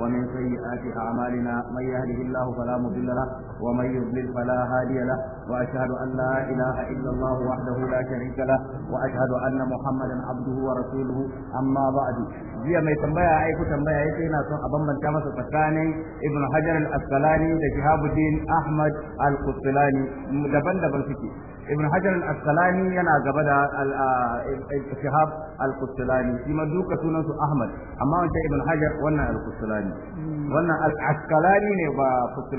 ومن سيئات أعمالنا من يهده الله فلا مضل له ومن يضلل فلا هادي له وأشهد أن لا إله إلا الله وحده لا شريك له وأشهد أن محمدا عبده ورسوله أما بعد jiya mai tambaya ai ku tambaya yace yana son a bambanta masa tsakanin Ibn Hajar al-Asqalani da Shihabuddin Ahmad al-Qustilani daban-daban suke Ibn Hajar al-Asqalani yana gaba da Shihab al-Qustilani shi duka sunan su amma wancan Ibn Hajar wannan al wannan al ne ba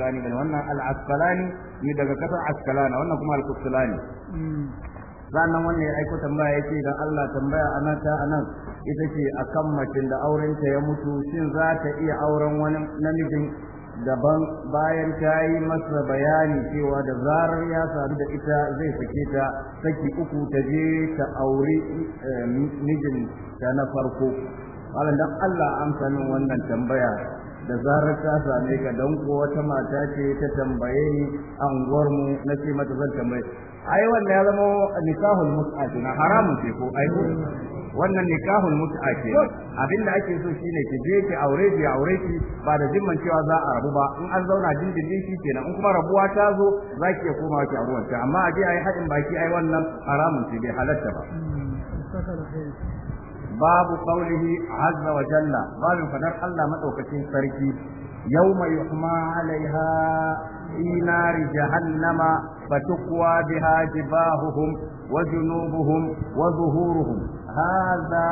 al ne daga kasar Asqalani kalana wannan kuma al ne hmm. sannan wannan ya aiko tambaya ya ce idan Allah tambaya nata ta nan ita ce a kan macin da aurenta ya mutu shin za ta iya auren wani namijin daban bayan ta yi masa bayani cewa da zarar ya sadu da ita zai sake ta saki uku ta je ta auri eh, mijin ta na farko malam dan Allah amsa min wannan tambaya da zarar ta same ka don ko wata mata ce ta tambaye ni anguwar mu na ce mata zan tambaye ai wannan ya zama nikahul mut'a na haramun ce ko ai wannan nikahul mut'a abinda ake so shine ki je ki aure ki aure ki ba da jimman cewa za a rabu ba in an zauna dindindin shi kenan in kuma rabuwa ta zo za ki iya komawa ki aure amma a je ai haɗin baki ai wannan haramun ce bai halatta ba hmm. babu qawlihi a wa jalla babu fadar Allah madaukakin sarki yawma yuhma alaiha نار جهنم فتقوى بها جباههم وجنوبهم وظهورهم هذا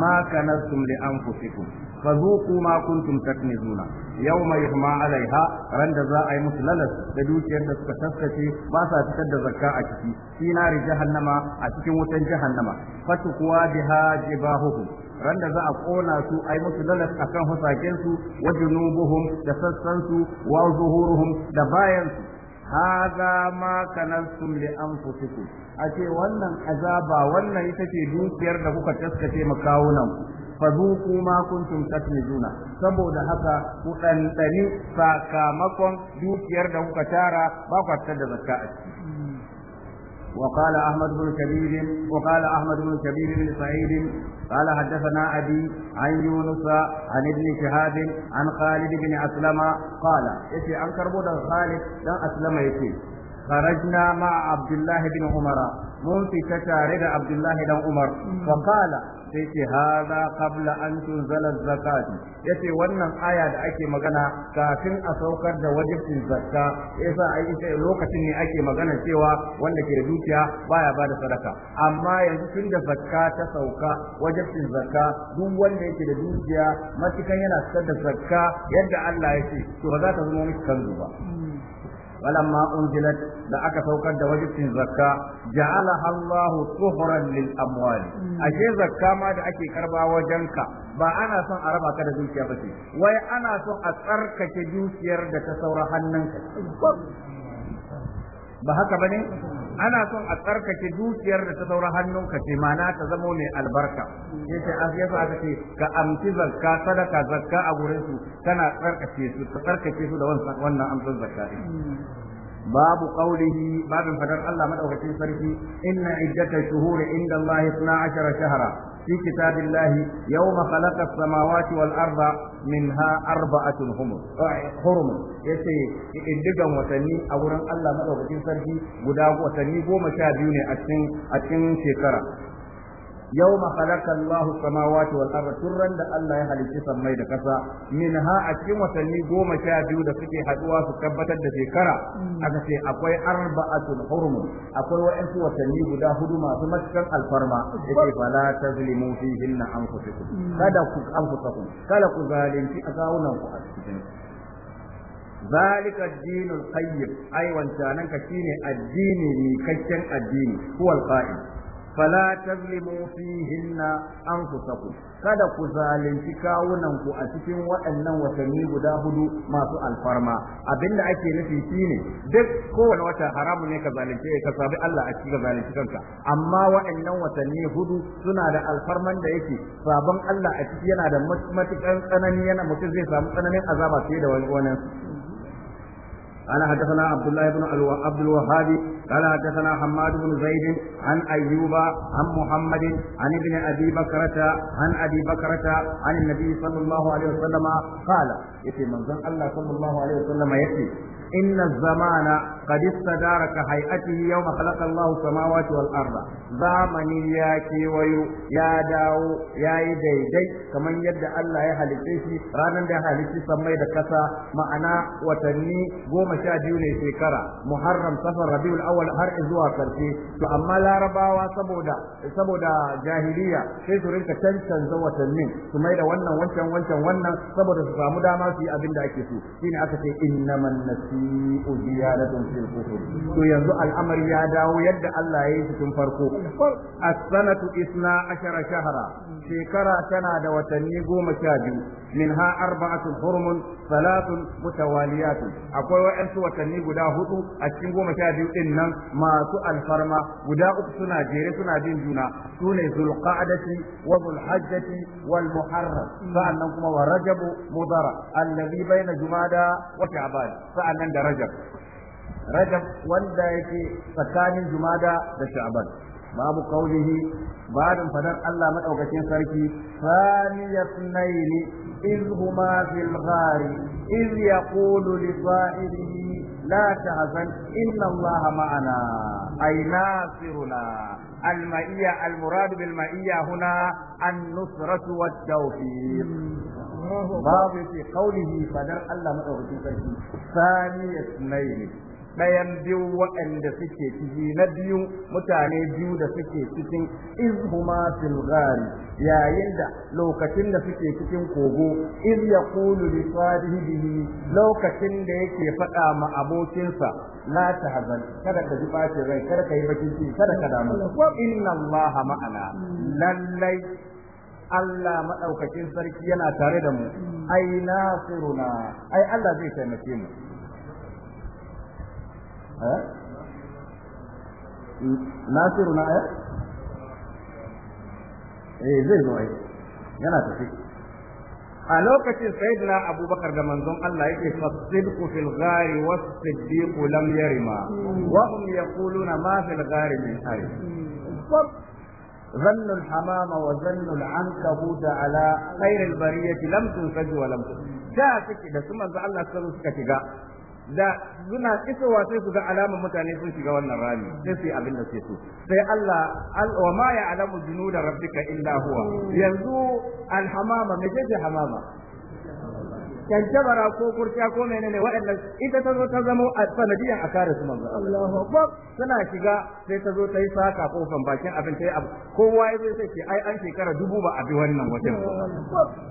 ما كنتم لأنفسكم فذوقوا ما كنتم تكنزون يوم يهما عليها رند ذا أي مسللس تدوك يرد سكتسكتي باسا تكد زكاة كتي في نار جهنم أتكي وتن جهنم فتقوى بها جباههم randa za a kona su ai musu lalas akan husaken su wa junubuhum da sassan su wa zuhuruhum da bayan su hadha ma kanastum li anfusikum a ce wannan azaba wannan ita ce dukiyar da kuka taskace makawunan ku fadhuku ma kuntum tatmizuna saboda haka ku dan dani sakamakon dukiyar da kuka tara ba ku tada zakka a ciki wa qala ahmad ibn kabir wa qala ahmad ibn kabir ibn sa'id قال حدثنا أبي عن يونس عن ابن شهاب عن خالد بن أسلم قال إيش أنكر خالد لا أسلم يتي خرجنا مع عبد mun fita tare da Abdullahi dan Umar fa sai ce haza qabla an tunzala zakat yace wannan aya da ake magana kafin a saukar da wajibin zakka yasa ai ita lokacin ne ake magana cewa wanda ke da dukiya baya ba da sadaka amma yanzu tun da zakka ta sauka wajibin zakka duk wanda yake da dukiya matukan yana fitar da zakka yadda Allah ya ce to ba za ta zama miki kanzu ba falamma unzilat da aka saukar da wajibin zakka ja'alaha Allahu tuhran lil amwali mm. ashe zakka ma da ake karba ka ba ana son a raba ka da dukiya ba ce wai ana son a tsarkake dukiyar da ta saura hannunka ba haka bane ana son a tsarkake dukiyar da ta saura hannunka ce mana ta zamo mai albarka yace asiya aka ce ka amsi zakka sadaka zakka a gurin su kana tsarkake su ta tsarkake su da wannan amsar zakka باب قوله باب فدر الله مدعوكتين سركي inda عدة الشهور عند الله 12 في كتاب الله يوم خلق السماوات والأرض منها أربعة هم حرم يسي إدقا وتني أولا الله مدعو بكين سرحي قداغ وتني قوم شابيوني أتن أتن شكرا yawma khalaqa Allahu samawati wal arda turran da Allah ya halicci sammai da kasa minha a cikin watanni goma sha biyu da suke haduwa su tabbatar da shekara aka ce akwai arba'atul hurum akwai wa'ansu watanni guda hudu masu matukan alfarma yake fala tazlimu fihinna anfusakum kada ku anfusakum kada ku zalunci a kawunan ku a cikin ذلك الدين القيم أي أيوة وانتانك شيني الدين ميكشن الدين هو القائم fala tazlimu fihinna anfusakum kada ku zalunci kawunan ku a cikin waɗannan watanni guda hudu masu alfarma abinda ake nufi shine duk kowane wata haramun ne ka zalunce ka sabi Allah a cikin zalunci kanka amma waɗannan watanni hudu suna da alfarman da yake sabon Allah a ciki yana da matukan tsanani yana mutum zai samu tsananin azaba fiye da wani قال حدثنا عبد الله بن عبد الوهاب قال حدثنا حماد بن زيد عن ايوب عن محمد عن ابن ابي بكرة عن ابي بكرة عن النبي صلى الله عليه وسلم قال يتي من الله صلى الله عليه وسلم يتي ان الزمان قد استدار كهيئته يوم خلق الله السماوات والأرض زامني يا كيويو يا داو يا يدي دي كمن يد الله يا هالكيشي رانا دا هالكي سمي دكسا معنا وتني قوم شاديوني في كرة محرم سفر ربيع الأول هر إزوا كرتي فأما لا رباوا سبودا سبودا جاهلية sai su rinka cancanza watannin su mai da wannan wancan wancan wannan saboda su samu dama su yi abin da ake so shine aka ce innaman nasi'u ziyaratun to yanzu al'amari ya dawo yadda Allah ya yi tun farko as-sanatu isna ashara shahra shekara tana da watanni goma sha biyu minha arba'atu hurumun salatun mutawaliyatun akwai wa'ansu watanni guda hudu a cikin goma sha biyu din nan masu alfarma guda uku suna jere suna jin juna sune zulqa'dati wa zulhajjati wal muharram sa'annan kuma wa rajabu mudara allazi baina jumada wa sha'ban sa'annan da rajab rajab wanda yake tsakanin jumada da sha'ban babu qaulihi babin fadar Allah madaukakin sarki saniyatnayn iz huma fil ghari iz yaqulu li sahibihi la tahzan inna Allaha ma'ana ay nasiruna المئية المراد بالمئية هنا النصرة والتوفيق babu ce kaulihi fadar Allah madaukakin sarki sani ya sunayi ɗayan biyu waɗanda suke ciki na biyu mutane biyu da suke cikin izhuma fil ghari yayin da lokacin da suke cikin kogo iz yaqulu li sahibihi lokacin da yake faɗa ma abokinsa la tahzan kada ka ji bacin rai kada ka yi bakin ciki kada ka damu inna allaha ma'ana lallai Allah maɗaukakin sarki yana tare da mu ai nasiruna ai Allah zai taimake mu eh nasiru na aya? Eh? eh zai zo ai eh. yana tafi a lokacin sayyidina abubakar da manzon Allah yake fasidku fil ghari was-siddiq lam yarima wa hum yaquluna ma fil ghari min hayy ظن الحمام وظن العنكبوت على خير البرية لم تنفذ ولم تنفذ da su manzo Allah sun suka shiga da suna isowa sai su ga alamar mutane sun shiga wannan rami sai su yi abin da suke so sai Allah wa ma junu da rabbika illa huwa hmm. yanzu alhamama me ce hamama tantabara ko kurciya ko menene waɗannan ita ta zo ta zamo a sanadiyan a kare su manzo Allahu akbar suna shiga sai ta zo ta yi saka kofan bakin abin ta yi abu kowa ya zo sai ce ai an shekara dubu ba a bi wannan wajen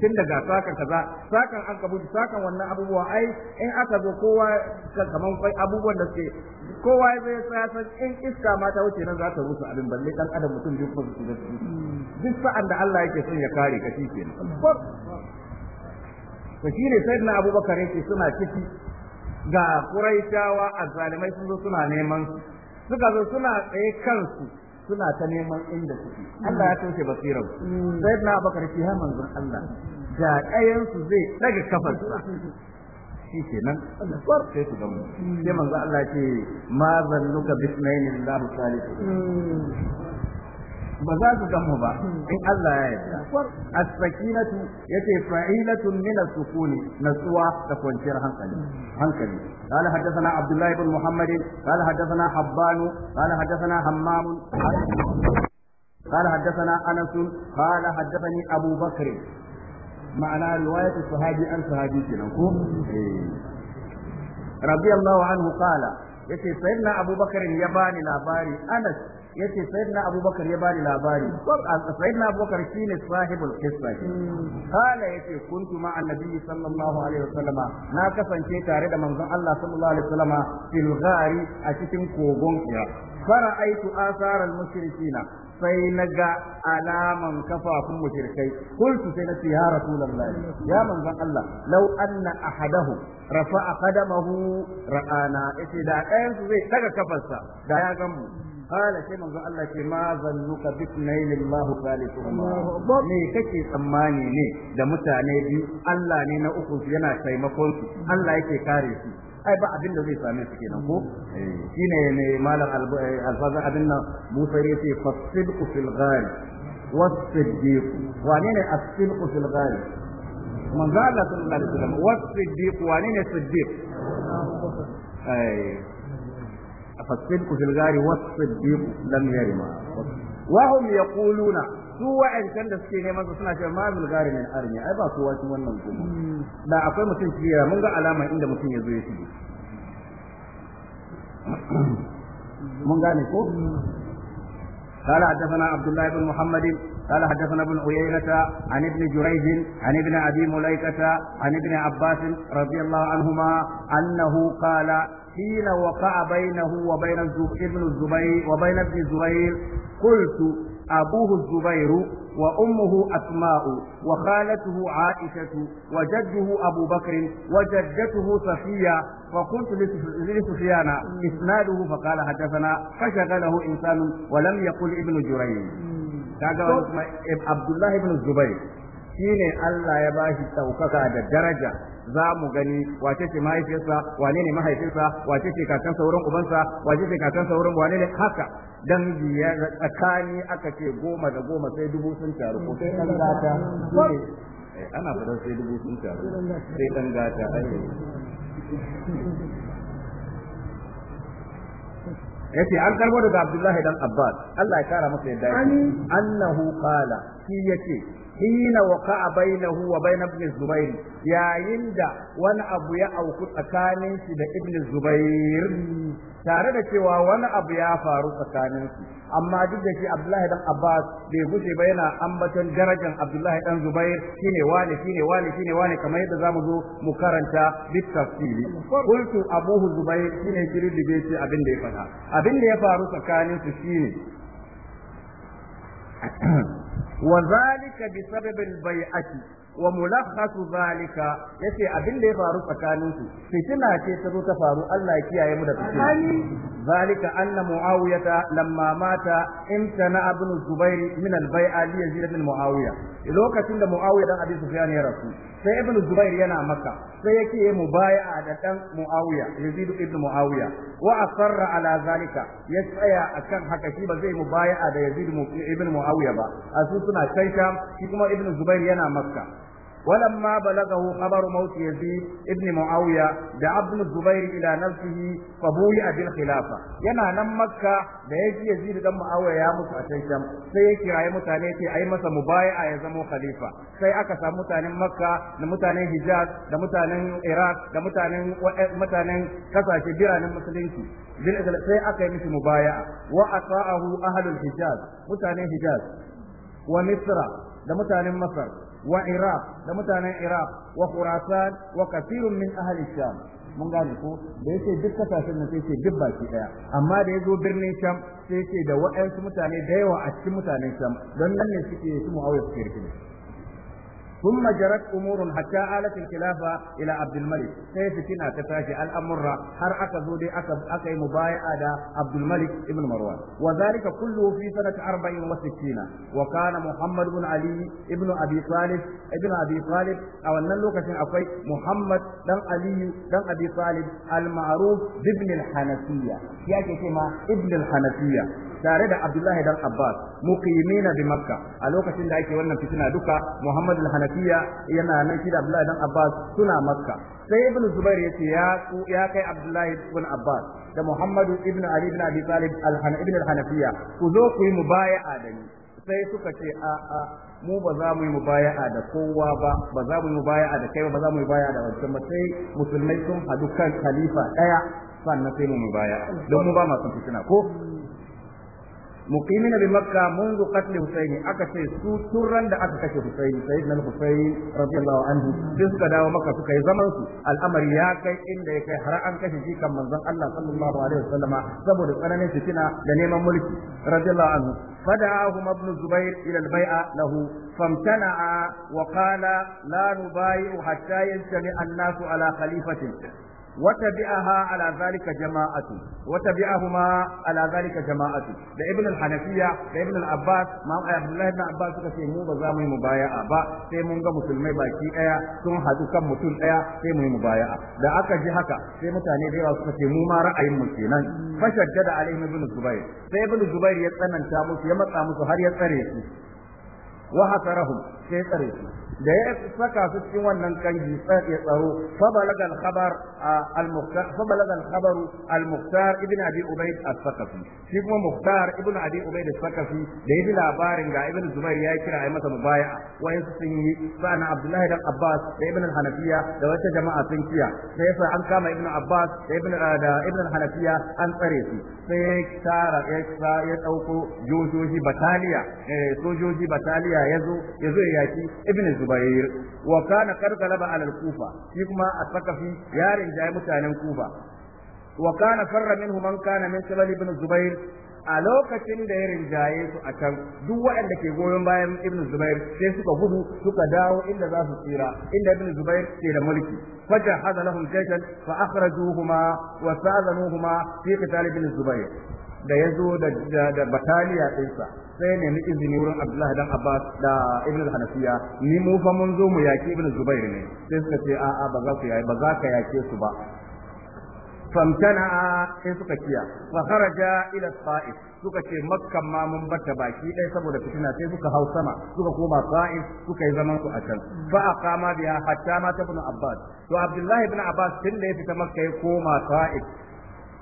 tun daga sakan kaza sakan an kabu sakan wannan abubuwa ai in aka zo kowa kaman kai abubuwan da suke kowa ya zo ya san in iska ma ta wuce nan za ta rusa abin balle dan adam mutum duk hmm. duk sa'an da Allah yake son ya kare ka shi kenan to sai na abubakar yake suna ciki ga a zalimai sun zo suna neman suka zo suna tsaye kansu suna ta neman inda suke Allah ya toshe basirar mm. na abubakar shi ya manzon Allah ga ɗayansu zai daga kafarsa shi nan kwar sai su gamu mm. sai manzo Allah ce ma zannuka bisnaini lillahi salihu mm. ba za su gamu ba in Allah ya yarda as-sakinatu yace fa'ilatun min as-sukuni natsuwa da kwanciyar hankali hankali قال حدثنا عبد الله بن محمد قال حدثنا حبان قال حدثنا همام قال حدثنا انس قال حدثني ابو بكر معنى رواية الصحابي عن صحابي كنكم رضي الله عنه قال yace sayyidina abubakar ya bani labari anas yace sayyidina abubakar ya bani labari sayyidina abubakar shine sahibul qissa kala yace kuntu ma annabi sallallahu alaihi wasallam na kasance tare da manzon Allah sallallahu alaihi wasallam fil ghari a cikin kogon kira fara'aitu asaral mushrikina sai na ga alaman kafafun mushrikai kultu sai na ce ya rasulullahi ya manzon Allah law anna ahadahu rafa'a qadamahu ra'ana yace da ɗayan su zai daga kafarsa da ya gan قال sai manzo Allah ce ma zalluka bi nail Allah salisuhuma me kake tsammani ne da mutane biyu Allah ne na uku yana taimakon su Allah yake kare su ai ba abin da zai same su kenan ko shine ne malam alfaza abin nan Musa yace fasidqu fil ghari was-siddiq wane ne as-sidqu fil ghari manzo Allah sallallahu alaihi wasallam was ne فالصدق في الغار والصديق لم يرما وهم يقولون su wa'ancan da suke neman su suna cewa ma bil gari min arni ai ba kowa cikin wannan kuma da akwai mutum cikin mun ga alama inda mutum ya zo ya shige mun gane ko قال حدثنا عبد الله بن محمد قال حدثنا ابن عيينة عن ابن جريج عن ابن أبي مليكة عن ابن عباس رضي الله عنهما أنه قال حين وقع بينه وبين ابن الزبير وبين ابن الزبير قلت أبوه الزبير وأمه أسماء وخالته عائشة وجده أبو بكر وجدته صفية فقلت لسفيان إسناده فقال حدثنا فشغله إنسان ولم يقل ابن جريج عبد الله بن الزبير shine Allah ya bashi ɗaukaka da daraja za mu gani wace ce mahaifinsa wane ne mahaifinsa wace ce kakan sauran ubansa wace ce kakan sauran wane ne haka dan biyar tsakani aka ce goma da goma sai dubu sun taru ko sai dan gata eh, ana fadar sai dubu sun taru sai dan gata ake yace an karbo daga Abdullahi dan Abbas Allah ya kara masa yadda annahu qala shi yace hina waqa'a bainahu wa bain ibn zubair yayin da wani abu ya auku tsakanin shi da ibn zubair tare da cewa wani abu ya faru tsakanin su amma duk da shi abdullahi dan abbas bai gushe ba yana ambaton darajar abdullahi dan zubair shine wani shine wani shine wani kamar yadda zamu zo mu karanta bit tafsiri qultu abuhu zubair shine bai ce abin da ya faru abin da ya faru tsakanin su shine وذلك بسبب البيعة wa mulakhasu zalika yace abin da ya faru tsakanin su fitina ce ta zo ta faru Allah ya kiyaye mu da fitina zalika anna muawiyata lamma mata imtana ibn zubair min al-bai'a li yazid ibn muawiya lokacin da muawiya dan abi sufyan ya rasu sai ibn zubair yana maka sai yake yi mubaya'a da dan muawiya yazid ibn muawiya wa asarra ala zalika ya tsaya akan haka shi ba zai mubaya'a da yazid ibn muawiya ba asu suna can shi kuma ibn zubair yana makka Walamma بلغه خبر موت يزيد ابن معاوية دعا ابن الزبير إلى نفسه فبويع بالخلافة ينا نم مكة بيجي يزيد دم معاوية يا موسى أشيشم سيكي أي متانيتي أي مسا مبايع يزمو خليفة sai aka samu mutanen makka da mutanen hijaz da mutanen Irak da mutanen mutanen kasashe biranen musulunci sai aka yi mishi mubaya wa ata'ahu ahlul hijaz mutanen hijaz wa misra da mutanen masar wa iraq da mutanen iraq wa khurasan wa kathirun min ahli sham mun gane ko da yake duk kasashen nan sai duk baki daya amma da yazo birnin sham sai ce da waɗansu mutane da yawa a cikin mutanen sham don nan ne suke su mu'awiya suke ثم جرت أمور حتى آلت الخلافة إلى عبد الملك كيف كنا تتاشي الأمر هر أكذو دي أكي مبايع دا عبد الملك ابن مروان وذلك كله في سنة 64 وكان محمد بن علي ابن أبي طالب ابن أبي طالب أو أن لوكاشن أكوي محمد دم علي دم أبي طالب المعروف بابن الحنفية يا كيما ابن الحنفية tare da Abdullahi dan Abbas muqimina bi Makka a lokacin da ake wannan fitina duka Muhammad al-Hanafiya yana nan shi da Abdullahi dan Abbas suna Makka sai Ibn Zubair ya ce ya kai Abdullahi ibn Abbas da Muhammad ibn Ali ibn Abi Talib ibn al-Hanafiya ku zo ku yi mubaya'a da ni sai suka ce a a mu ba za mu yi mubaya'a da kowa ba ba za mu yi mubaya'a da kai ba za mu yi mubaya'a da wancan ba sai musulmai sun hadu kan khalifa ɗaya sannan sai mu mubaya'a don mu ba masu fitina ko muqimina bi منذ قتل husaini aka ce su turran da aka kashe husaini sayyid na husaini radiyallahu anhu suka dawo maka su kai zaman su al'amari ya kai inda ya kai har an kashe jikan manzon Allah sallallahu alaihi wasallama saboda tsananin fitina da neman mulki radiyallahu anhu فدعاهما ابن الزبير إلى البيعة له فامتنعا وقال لا نبايع حتى يجتمع الناس على خليفة wata bi'a ذلك جماعة وتبعهما على ذلك جماعة ده ابن الحنفية da ابن abbas ما عبد الله Ibn abbas suka ce mu ba za mu yi mubaya'a ba sai mun ga musulmai baki daya sun hadu kan mutum daya sai mu yi mubaya'a da aka ji haka sai mutane da yawa suka ce mu ma ra'ayin mu kenan fa shaddada alaihim ibn zubair sai ibn zubair ya tsananta musu ya matsa musu har ya tsare su wa hasarahum sai tsare su da ya saka su cikin wannan kangi ya tsaro fa balaga al-khabar al-mukhtar fa balaga al-khabar al-mukhtar ibn abi ubayd al-thaqafi shi kuma mukhtar ibn abi ubayd al-thaqafi da yaji labarin ga ibn zubair ya kira ai masa mubaya'a wayan sun yi sana abdullahi dan abbas da ibn al-hanafiya da wata jama'a sun kiya sai yasa an kama ibn abbas da ibn da ibn al-hanafiya an tsare su sai ya tara ya ya dauko jojoji bataliya eh, sojoji bataliya yazo yazo ya yaki ibn zubair zubair wa kana karkalaba ala al-kufa shi kuma a sakafi ya rinjaye mutanen kufa wa kana farra minhu man kana min shabal ibn zubair a lokacin da ya rinjaye su a can duk waɗanda ke goyon bayan ibn zubair sai suka gudu suka dawo inda za su tsira inda ibn zubair ke da mulki fajar hada lahum jayshan fa akhrajuhuma wa sazanuhuma fi qital ibn zubair da yazo da da bataliya ɗinsa sai ne nemi izini wurin Abdullah dan Abbas da Ibn al-Hanafiya ni mu fa mun zo mu yaki Ibn Zubair ne sai suka ce a a ba za ku yaki ba za ka yake su ba famtana sai suka kiya fa kharaja ila Sa'id suka ce Makka ma mun bata baki dai saboda fitina sai suka hau sama suka koma Sa'id suka yi zaman su a can fa aqama biha hatta ma Ibn Abbas to Abdullah ibn Abbas tun da ya fita Makka ya koma Sa'id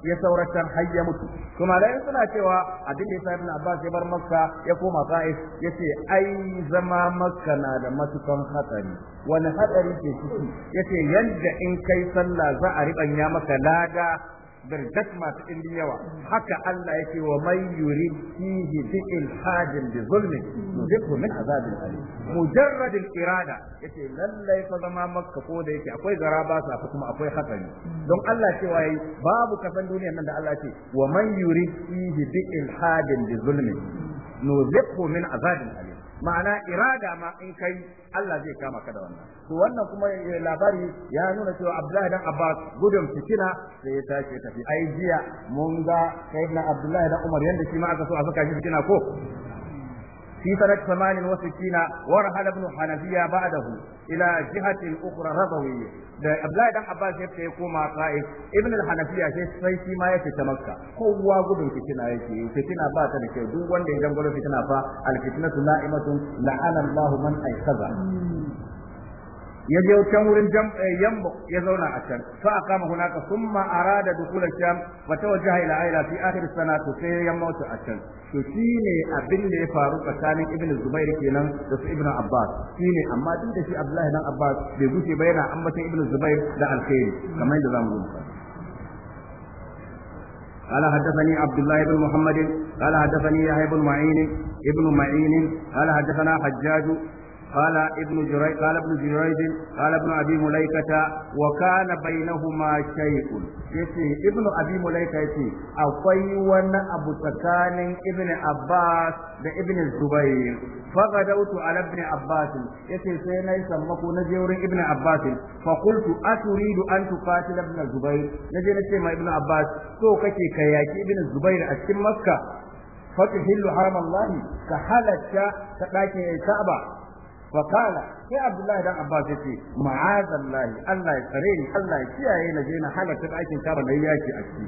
ya sauratar har ya mutu kuma dai suna cewa abin da yasa Ibn Abbas ya bar Makka ya koma ya yace ai zama Makka na da matukan hatsari wani hatsari ke ciki yace yadda in kai sallah za a riɓanya maka lada darjat masu ɗimbin yawa haka Allah yake wa man yurid fihi bi ilhadin bi zulmi yudhiku min azabin alim mujarrad irada yace lallai fa zama makka ko da yake akwai garaba sa kuma akwai hatsari don Allah cewa yayi babu kafan duniyar nan da Allah ce wa man yurid fihi bi ilhadin bi zulmi nuzikhu min azabin alim ma'ana irada ma in kai Allah zai kama ka da wannan to wannan kuma eh, labari ya nuna cewa Abdullahi dan Abbas gudun fitina sai ya tashi tafi ai jiya mun ga na Abdullahi dan Umar yanda shi ma aka so a saka shi fitina ko في سنة 68 ورحل ابن حنفية بعده إلى جهة أخرى رضوية Abdullahi dan Abbas ya ce koma Qa'if Ibn al-Hanafiya sai sai shi ma yake ta Makka kowa gudun fitina yake fitina ba ta da kyau duk wanda ya dangwalo fitina fa al-fitnatu la'imatun la'ana Allahu man aykaza ya je can wurin yamma ya zauna a can fa aqama hunaka thumma arada dukhul sham fa tawajjaha ila aila fi akhir sanati sai yamma a can to shi ne abin da ya faru tsakanin ibn zubair kenan da su ibn abbas shi ne amma duk da shi abdullahi dan abbas bai gushe ba yana ambatan ibn zubair da alkhairi kamar yadda zamu rubuta قال حدثني عبد الله بن محمد قال حدثني يحيى بن معين ابن معين قال حدثنا حجاج قال ابن جريج قال ابن جريج قال ابن ابي مليكه وكان بينهما شيء يتي ابن ابي يتي akwai wani abu tsakanin ibn abbas da ibn zubair fagadautu ala ibn abbas yace sai na yi sammako na je wurin ibn abbas fa qultu aturidu an tuqatil ibn zubair naje nace ma ibn abbas so kake ka yaki ibn zubair a cikin makka fa tuhillu ka allah ka halatta ka dake فقال يا عبد الله بن عباس يتي معاذ الله الله يكريني الله يكياي نجينا حلقة أيكن كارا نياكي أكي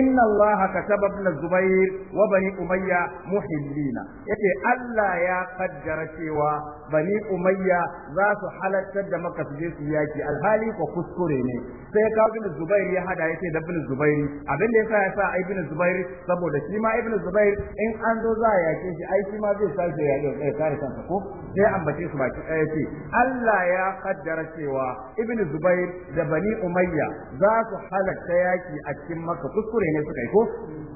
إن الله كتب ابن الزبير وبني أمية محلين يتي الله يا قدر سوى bani umayya za su halartar da maka su je su yaki alhali ko kuskure ne sai ka ibn zubair ya hada yace da ibn zubair abin da yasa ya sa ibn zubair saboda shi ma ibn zubair in an zo za a yake shi ai shi ma zai sace ya yi kare kansa ko sai ambace su baki ɗaya ce Allah ya kaddara cewa ibn zubair da bani umayya za su halarta yaki a cikin maka kuskure ne suka yi ko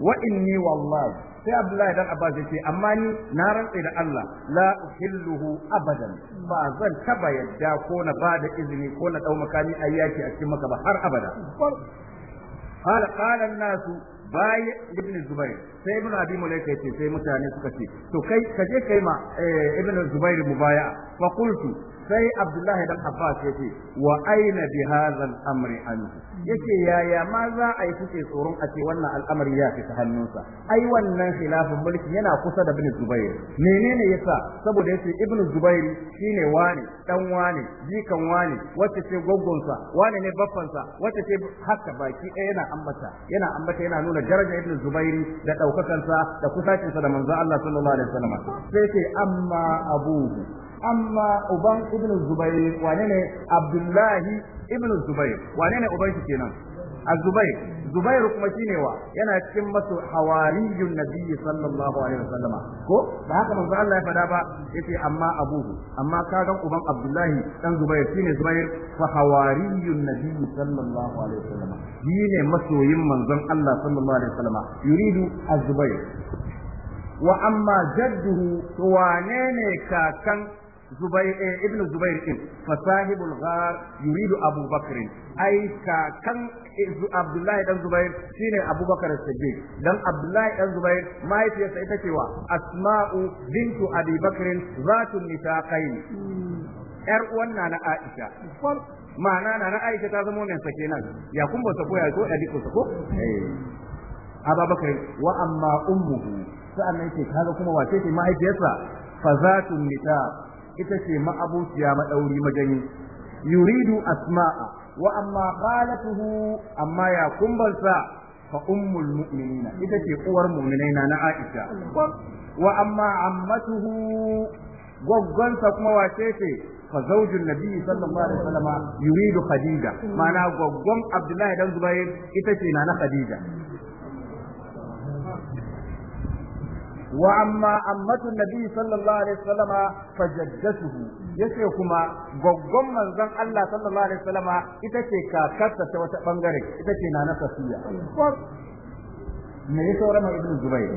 wa inni wallahi sai abdullahi dan abbas ce amma ni na rantse da Allah la uhilluhu abadan ba zan taba yadda ko na bada izini ko na dau makami ayyaki a cikin maka ba har abada Hala nasu الناس bai ibn zubair sai ibn abi mulaika yace sai mutane suka ce to kai ka je kai ma eh, ibn zubair mubaya fa qultu sai abdullahi dan abbas ce wa aina bi hadha amri anhu yake yaya ma za a yi kuke tsoron a ce wannan al'amari ya fita hannunsa ai wannan khilafin mulki yana kusa da ibn zubair menene yasa saboda yace ibn zubair shine wani dan wani jikan wani wacce ce goggonsa wani ne baffansa wacce ce haka baki ɗaya yana ambata yana ambata yana nuna daraja ibn zubair da daukakansa da kusacinsa da manzo Allah sallallahu alaihi wasallam sai ce amma Abu. amma uban ibn zubair wane ne abdullahi ibn zubair wane ne uban shi kenan A zubair zubair kuma shi ne wa yana cikin masu hawariyun nabiyyi sallallahu alaihi wasallama ko ba haka manzo Allah ya fada ba yace amma abuhu amma kagan uban abdullahi dan zubair shine zubair fa hawariyun nabiyyi sallallahu alaihi wasallama ne masoyin manzon Allah sallallahu alaihi wasallama yuridu az-zubair wa amma jadduhu to wane ne kakan zubair eh, ibn zubair din fa yuridu abu bakr ai kakan eh, abdullahi dan zubair shine abubakar siddiq dan abdullahi dan zubair mahaifiyarsa ita ce wa asma'u bintu abi bakr zatu nitaqain yar uwan na aisha ma'ana na aisha ta zama mai sake nan ya kun ba ko ya ko ya diko ko eh ababakar wa amma ummuhu sa'annan ce kaga kuma wace ce mahaifiyarsa fa zatun nita ita ce ma'abuciya maɗauri majani yuridu asma'a wa amma khalatuhu amma ya kumbalsa fa ummul mu'minina ita ce uwar mu'minaina na Aisha wa amma ammatuhu gogonsa kuma wace ce fa zaujun nabi sallallahu alaihi wasallam yuridu khadija ma'ana goggon abdullahi dan zubair ita ce na khadija واما امه النبي صلى الله عليه وسلم فجدته yace kuma goggon manzon Allah sallallahu alaihi wasallam ita ce kakarsa ta wata bangare ita ce nana Safiya me ya saurama ibnu Zubayr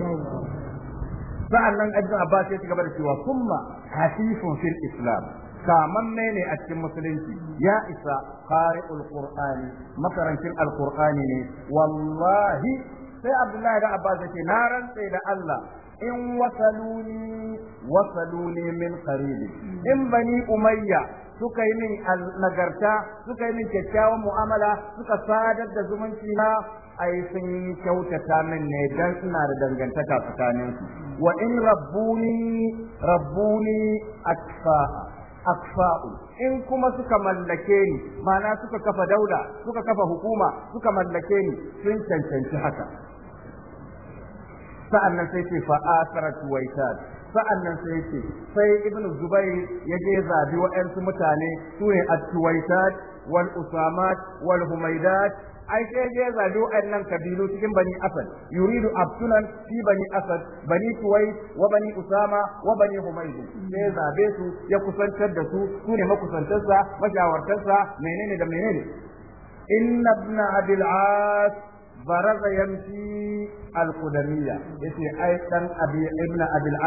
sa'annan ibnu Abbas ya ci da cewa kuma hasifun fil islam kaman ne a cikin musulunci ya isa qari'ul qur'ani makarantin alqur'ani ne wallahi sai Abdullahi da Abbas ce na rantse da Allah in wasaluni wasaluni min qaribi in bani umayya suka yi min nagarta suka yi min kyakkyawan mu'amala suka sadar da zumunci na ai sun kyautata min ne dan suna da dangantaka tsakanin su wa in rabbuni rabbuni akfa akfa'u in kuma suka mallake ni ma'ana suka kafa daula suka kafa hukuma suka mallake ni sun cancanci haka sa'annan sai ce fa asarat waitat sa'annan sai ce sai ibnu zubair ya je zabi wa'ansu mutane su ne at tuwaita wal usamat wal humaidat ai sai je zabi nan kabilu cikin bani asad yuridu abtunan fi bani asad bani tuwai wa bani usama wa bani humaidu sai zabe su ya kusantar da su su ne makusantarsa mashawartarsa menene da menene inna ibn abil as baraza yamshi al ya yace ai dan ibn abil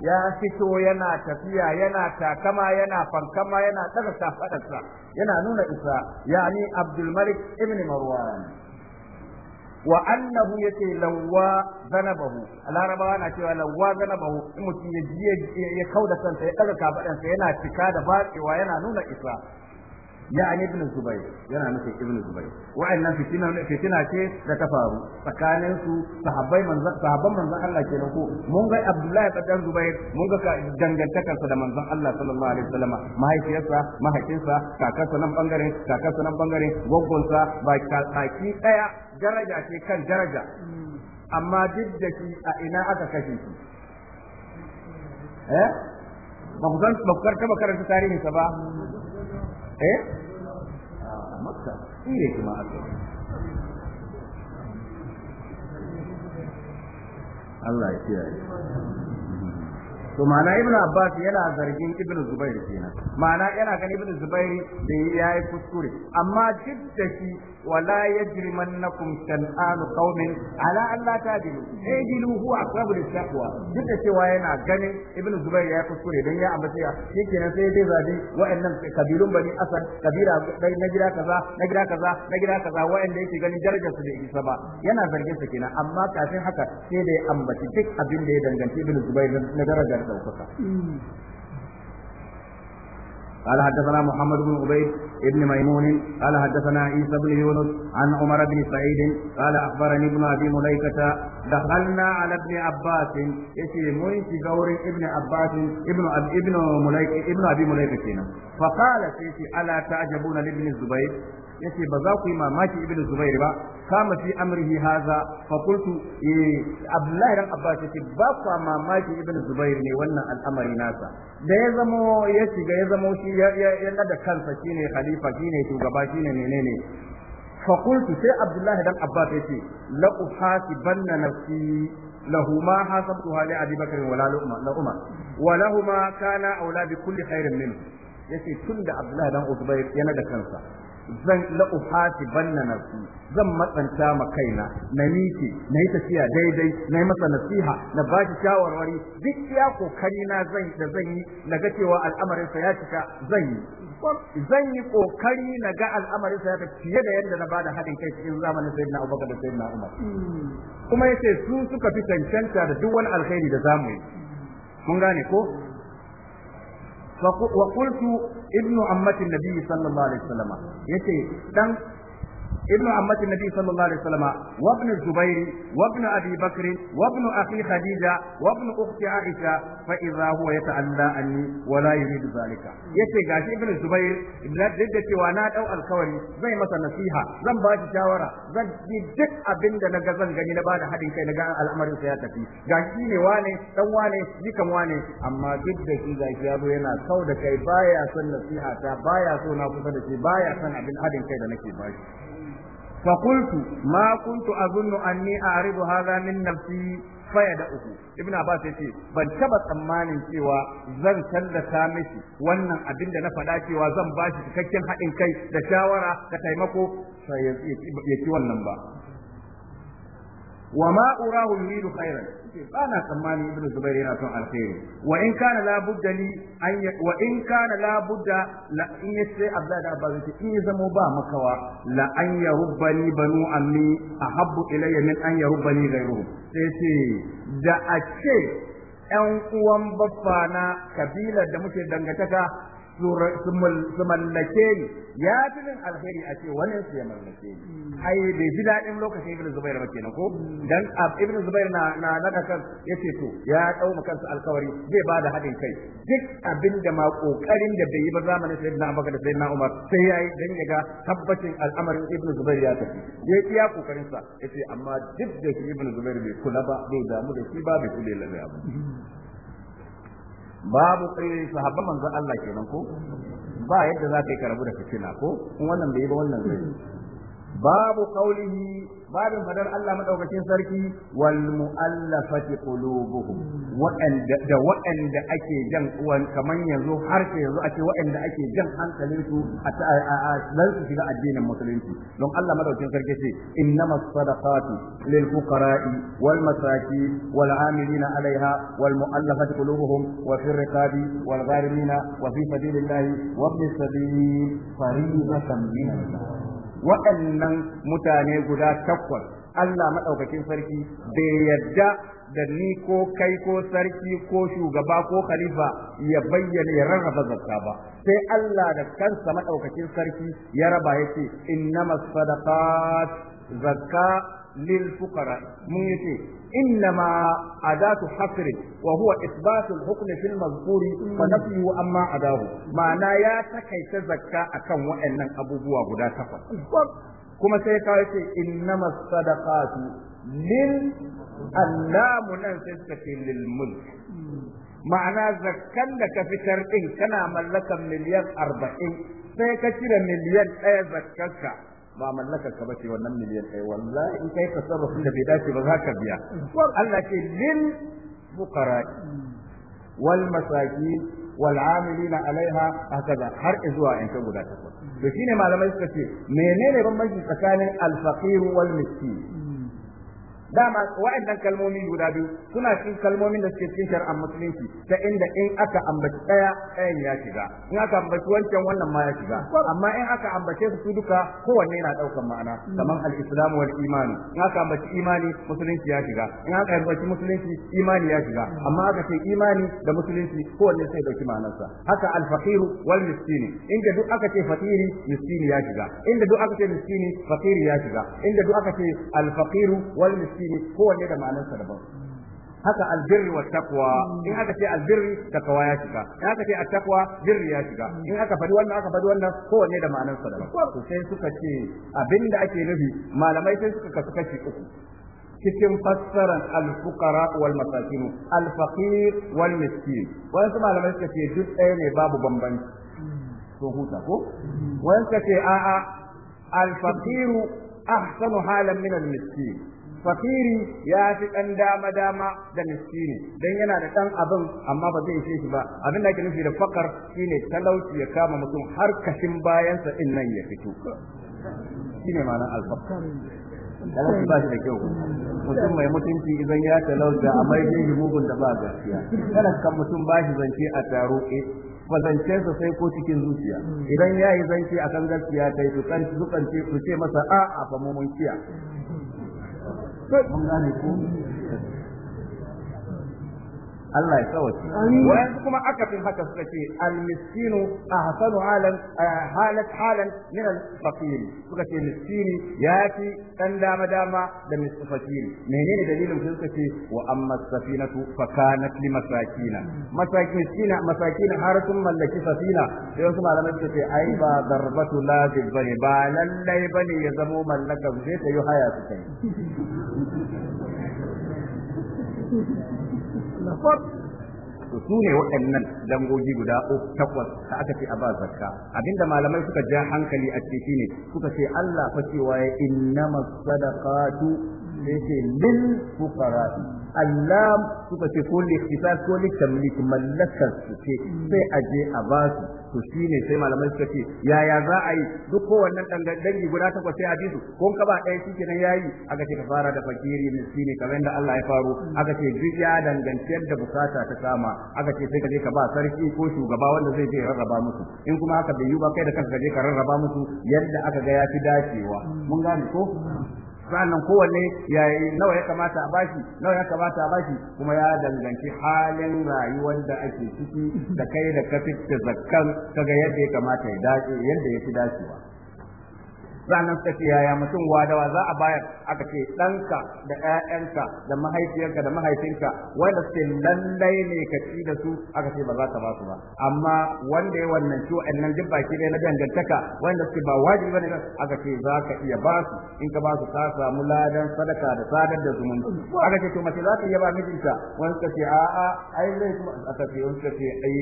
ya fito yana tafiya yana takama yana fankama yana daga safadarsa yana nuna isa yani abdul malik ibn marwan wa annahu yace lawwa zanabahu larabawa na cewa lawwa zanabahu in mutum ya je ya kauda ya daga kafaɗarsa, yana cika da batsewa yana nuna isa يعني ibn الزبير yana nufin ibnu zubair wa'annan fitina fitina ce da ta faru tsakanin su sahabbai manzon sahabban manzon Allah kenan ko mun ga Abdullahi dan Zubair mun ga dangantakar sa da manzon Allah sallallahu alaihi wasallam mahaifiyarsa mahaifinsa kakarsa nan bangare kakarsa nan bangare gogonsa ba tsaki daya daraja ce kan daraja amma duk da shi a ina aka kashe shi eh ba ku san ba ku karanta sa ba eh ah, Allah ya kiyaye to ma'ana ibn abbas yana zargin ibn zubair kenan ma'ana yana kan ibn zubair da yayi kuskure amma duk da shi ولا يجرمنكم شنآن قوم على أن لا تعدلوا اعدلوا هو أقرب duk da cewa yana ganin Ibn Zubair ya kuskure dan ya ambace ya shikenan sai dai zabi wa'annan kabilun bani Asad kabila kaza na yake ganin darajar su da isa ba yana zargin su kenan amma kafin haka sai da ya ambaci duk abin da ya danganci Ibn Zubair na darajar da daukaka قال حدثنا محمد بن عبيد بن ميمون قال حدثنا عيسى بن يونس عن عمر بن سعيد قال اخبرني ابن ابي مليكه دخلنا على ابن عباس يشي موين في دور ابن عباس ابن أب ابن مليكه ابن ابي مليكه كنا فقال سيتي الا تعجبون لابن الزبير yace ba za ku yi mamaki ibnu zubair ba kama fi amrihi haza fa qultu abdullahi dan abbas yace ba ku mamaki ibnu zubair ne wannan al'amari nasa da ya zamo ya shiga ya zamo shi ya nada kansa shine khalifa shine shugaba shine menene fa sai abdullahi dan abbas yace la uhasibanna nafsi له ما حسبتها لأبي بكر ولا لأمة ولهما كان أولى بكل خير منه yace tun da Abdullahi dan Uzbayr ya da kansa zan la'uhati banna nafsi zan matsanta ma kaina na miki na yi tafiya daidai na yi masa nasiha na ba shi shawarwari duk iya kokari na zan da zan yi na ga cewa al'amarin sa ya cika zan yi zan yi kokari na ga al'amarin sa ya cika fiye da yadda na bada haɗin kai cikin zamanin sayyidina Abubakar da sayyidina Umar kuma yace su suka fi cancanta da duk wani alkhairi da zamu yi mun gane ko wa qultu ibnu ammati nabi sallallahu alaihi wasallam yace dan ابن عمة النبي صلى الله عليه وسلم وابن الزبير وابن أبي بكر وابن أخي خديجة وابن أخت عائشة فإذا هو يتألى عني ولا يريد ذلك يتي غاشي ابن الزبير ضد وانا أو الكوري زي مثلا نصيحة زن باجي شاورة زن duk abin da na zan gani na ba da haɗin kai na ga al'amarin sa ya tafi gashi ne wane dan wane jikan wane amma duk da shi gashi yana kau da kai baya son nasiha ta baya so na kusa da shi baya son abin haɗin kai da nake bashi فقلت ما كنت أظن أني أعرض هذا من نفسي فيدعه ابن عباس yace ban taɓa tsammanin cewa zan tallata miki wannan abin da na faɗa cewa zan bashi cikakken haɗin kai da shawara da taimako sai ya ci wannan ba wa ma urahu khairan ce ba na tsammani ibnu zubair yana son alkhairi wa in kana la budda li an wa in kana la budda la in yace abda da ba zai in zamo ba makawa la an yarubbani banu ammi ahabbu ilayya min an yarubbani ghayruhu sai ce da a ce ‘yan uwan na kabilar da muke dangantaka su mallake ni ya fi min alheri a ce wani su ya mallake ni ai bai ji daɗin lokacin ibn zubair ba kenan ko dan ibn zubair na na nada kan yace to ya dau kansa alkawari zai ba da haɗin kai duk abin da ma kokarin da bai yi ba zamanin sayyidina abubakar da sayyidina umar sai yayi dan ya ga tabbacin al'amarin ibn zubair ya tafi ya iya kokarin sa ce amma duk da ibn zubair bai kula ba bai damu da shi ba bai kula da abu babu kai sahabban manzon Allah kenan ko ba yadda za ka yi karabu da fitina ko in wannan bai ba wannan zai babu qaulihi babin fadar Allah madaukakin sarki wal mu'allafati qulubuhum wa'anda da wa'anda ake jan uwan yanzu har ke yanzu ake wa'anda ake jan hankalin su a nan su shiga addinin musulunci don Allah madaukakin sarki ce innamas sadaqatu lil fuqara'i wal masakin wal 'amilina 'alayha wal mu'allafati qulubuhum wa fi riqabi wal gharimina wa fi sabilillahi wa ibn sabil fariidatan min Allah waɗannan mutane guda takwas Allah maɗaukakin sarki bai yadda da ni ko kai ko sarki ko shugaba ko khalifa ya bayyana ya rarraba zakka ba sai Allah da kansa maɗaukakin sarki ya raba yake innamas sadaqat zakka lil fuqara mun yace innama adatu hasr wa huwa isbatu al hukm fil mazkur fa nafyu amma adahu ma'ana ya takaita zakka akan waɗannan abubuwa guda takwas kuma sai ka yace innama sadaqatu lil allamu nan sai suka ce lil mulk ma'ana zakkan da ka fitar ɗin tana mallakan miliyan arba'in sai ka cire miliyan ɗaya zakkanka ba mallakar ka bace wannan miliyan kai wallahi in kai tasarrufin da bai dace ba za ka biya Allah ce lil fuqara wal masakin wal amilina alaiha hakaza har zuwa in ka guda takwas to shine malamai suka ce menene bambanci tsakanin al faqir wal miskin dama wa'annan kalmomi guda biyu suna cikin kalmomin da suke cikin shar'an musulunci ta inda in aka ambaci daya ɗayan ya shiga in aka ambaci wancan wannan ma ya shiga amma in aka ambace su duka kowanne yana ɗaukan ma'ana kamar al-islam wal imani in aka ambaci imani musulunci ya shiga in aka ambaci musulunci imani ya shiga amma aka ce imani da musulunci kowanne sai dauki ma'anarsa haka al-faqir wal miskin inda duk aka ce fakiri miskin ya shiga inda duk aka ce miskini fakiri ya shiga inda duk aka ce al-faqir wal miskin aiki ne kowanne da ma'anarsa daban haka albirri wa takwa in aka ce albirri takawa ya shiga in aka ce at-taqwa birri ya shiga in aka faɗi wannan aka faɗi wannan kowanne da ma'anar sa daban Ko sai suka ce abinda ake nufi malamai sai suka kasu kashi uku cikin fassarar al-fuqara wal masakin al-faqir wal miskin wasu malamai suka ce duk ɗaya ne babu bambanci to huta ko wasu suka ce a'a al-faqir ahsanu halan min al-miskin fakiri ya fi ɗan dama dama da miskini dan yana da ɗan abin amma ba zai ishe shi ba abin da ake nufi da fakar shine talauci ya kama mutum har kashin bayansa din nan ya fito shine ma'anar alfakar talauci ba shi da kyau mutum mai mutunci idan ya talauta a mai shi mugun da ba gaskiya kada kan mutum ba shi zance a taro fazancensa eh, sai ko cikin zuciya idan ya yi zance akan gaskiya ta yi su ce masa a a famomin munciya mun gane ko Allah ya sauke wayansu kuma aka fi haka suka ce al a ahsanu halan eh, halat halan min al suka ce miskini fi dan dama dama da misfakir menene dalilin su suka ce wa amma safinatu fakanat li masakina masakin miskina masakin har sun mallaki safina sai wasu malamai suka ce ai ba darbatu lazib bane ba lallai bane ya zamo mallakar zai ta yi haya su kai to su ne waɗannan dangogi guda uku takwas da aka ce a ba zakka abinda malamai suka ja hankali a ciki ne suka ce Allah fa cewa ya inna masadaqatu yake lil fuqara Allah suka ce ko li ikhtisas ko li tamlik mallakar ce sai aje a ba su to ne sai malamai suka ce yaya za a yi duk kowanne dangi guda takwas sai a bi su ko ka ba ɗaya shi kenan yayi aka ce ka fara da fakiri shi ne kamar yadda Allah ya faro aka ce duk ya danganci yadda bukata ta sama aka ce sai ka je ka ba sarki ko shugaba wanda zai je rarraba musu in kuma aka bai yi ba kai da kanka je ka rarraba musu yadda aka ga ya fi dacewa mun gane ko sannan kowanne yayi nawa ya kamata a bashi nawa ya kamata a bashi kuma ya danganci halin rayuwar da ake ciki da kai da ka fitta zakkan kaga yadda ya kamata ya dace yadda ya fi dacewa sannan suka ce yaya mutum wadawa za a bayar aka ce ɗanka da ƴaƴanka da mahaifiyarka da mahaifinka wanda suke lallai ne ka ci da su aka ce ba za ka ba su ba amma wanda ya wannan ciwo nan duk baki ɗaya na dangantaka wanda suke ba wajibi bane aka ce za ka iya ba su in ka ba su ka samu ladan sadaka da sadar da zumunci aka ce to mace za ta iya ba mijinta wani suka ce a'a ai zai kuma aka ce wani suka ce ai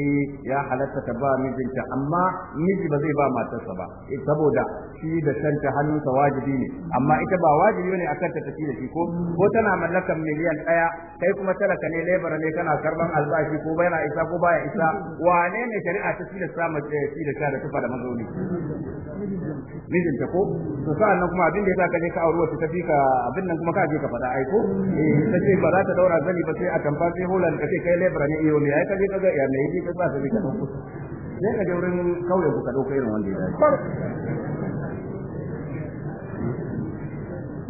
ya halatta ta ba mijinta amma miji ba zai ba matarsa ba eh, saboda shi da kanta hannunsa wajibi ne amma ita ba wajibi ne akan ta tafi da shi ko ko tana mallakan miliyan daya kai kuma talaka ne lebara ne kana karban albashi ko bai na isa ko baya isa wane ne shari'a ta ci da samu ci da sha da tufa da mazauni mijin ta ko to sa'an nan kuma abin da yasa kaje ka aure wata tafi ka abin nan kuma ka je ka faɗa ai ko eh ce ba za ta daura zani ba sai a tamfa sai holan ka ce kai lebara ne iyo eh, ne ai kaje ka ga ya ne yi ka ba sai ka dauko sai ka je wurin kauye ku ka dauko irin wanda ya dace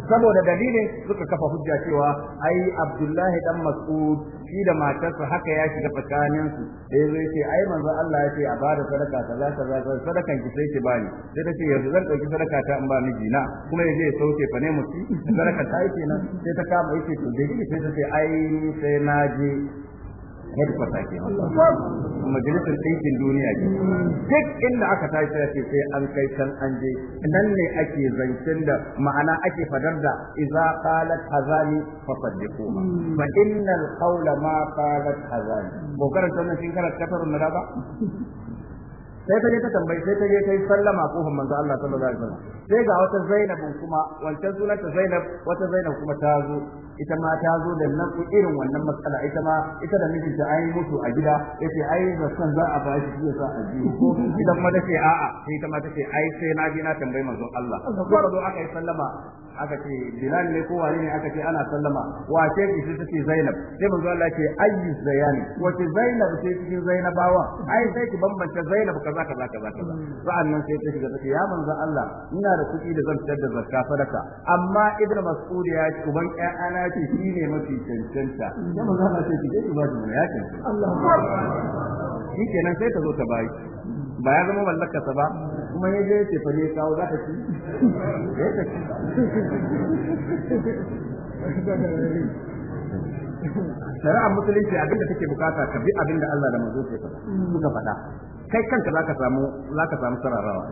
saboda dalilin suka kafa hujja cewa ai Abdullahi dan Mas'ud shi da matarsa haka ya shiga tsakanin su da yazo yace ai manzo Allah ya yace a bada sadaka ta za ta za ta sadaka ki sai ki bani sai ta ce yanzu zan dauki sadaka ta in ba miji na kuma yaje ya sauke fa ne musu sadaka ta yi kenan sai ta kama yake to dai sai ta ce ai sai na je headquarter ke majalisar ɗinkin duniya ke duk inda aka tashi sai sai an kai can an je nan ne ake zancen da ma'ana ake fadar da idza qalat hazani fa saddiquha hmm. fa innal qawla ma qalat hazani ko karanta wannan shin karanta tafarun na ba sai ta je ta tambayi sai ta je ta yi sallama kofin manzo Allah sallallahu alaihi wasallam sai ga wata Zainab kuma wancan sunanta Zainab wata Zainab kuma ta zo ita ma ta zo da nan irin wannan matsala ita ma ita da mijinta an yi mutu a gida yace ai san za a bashi shi sa a ji ko ita kuma tace a'a sai ita ma tace ai sai na je na tambayi manzon Allah ko da aka yi sallama aka ce Bilal ne ko wani ne aka ce ana sallama wa wace ita tace Zainab sai manzon Allah ce ayyu zayani wace Zainab sai cikin Zainabawa ai sai ki bambanta Zainab kaza kaza kaza kaza hmm. sa'annan sai ta shiga tace ya manzon Allah ina da kuɗi da zan fitar da zakka sadaka amma Ibn Mas'ud ya ce uban ƴaƴana Ake ce shi ne mafi cancanta ya manzo Allah ce shi ke ba shi ya cancanta shi ke nan sai ta zo ta bayi ba ya zama mallaka ta ba kuma ya je ce fane ne kawo za ka ci ya ta ci shari'ar musulunci abin da take bukata ka bi abin da Allah da manzo ke faɗa suka faɗa kai kanka zaka samu zaka samu sararawa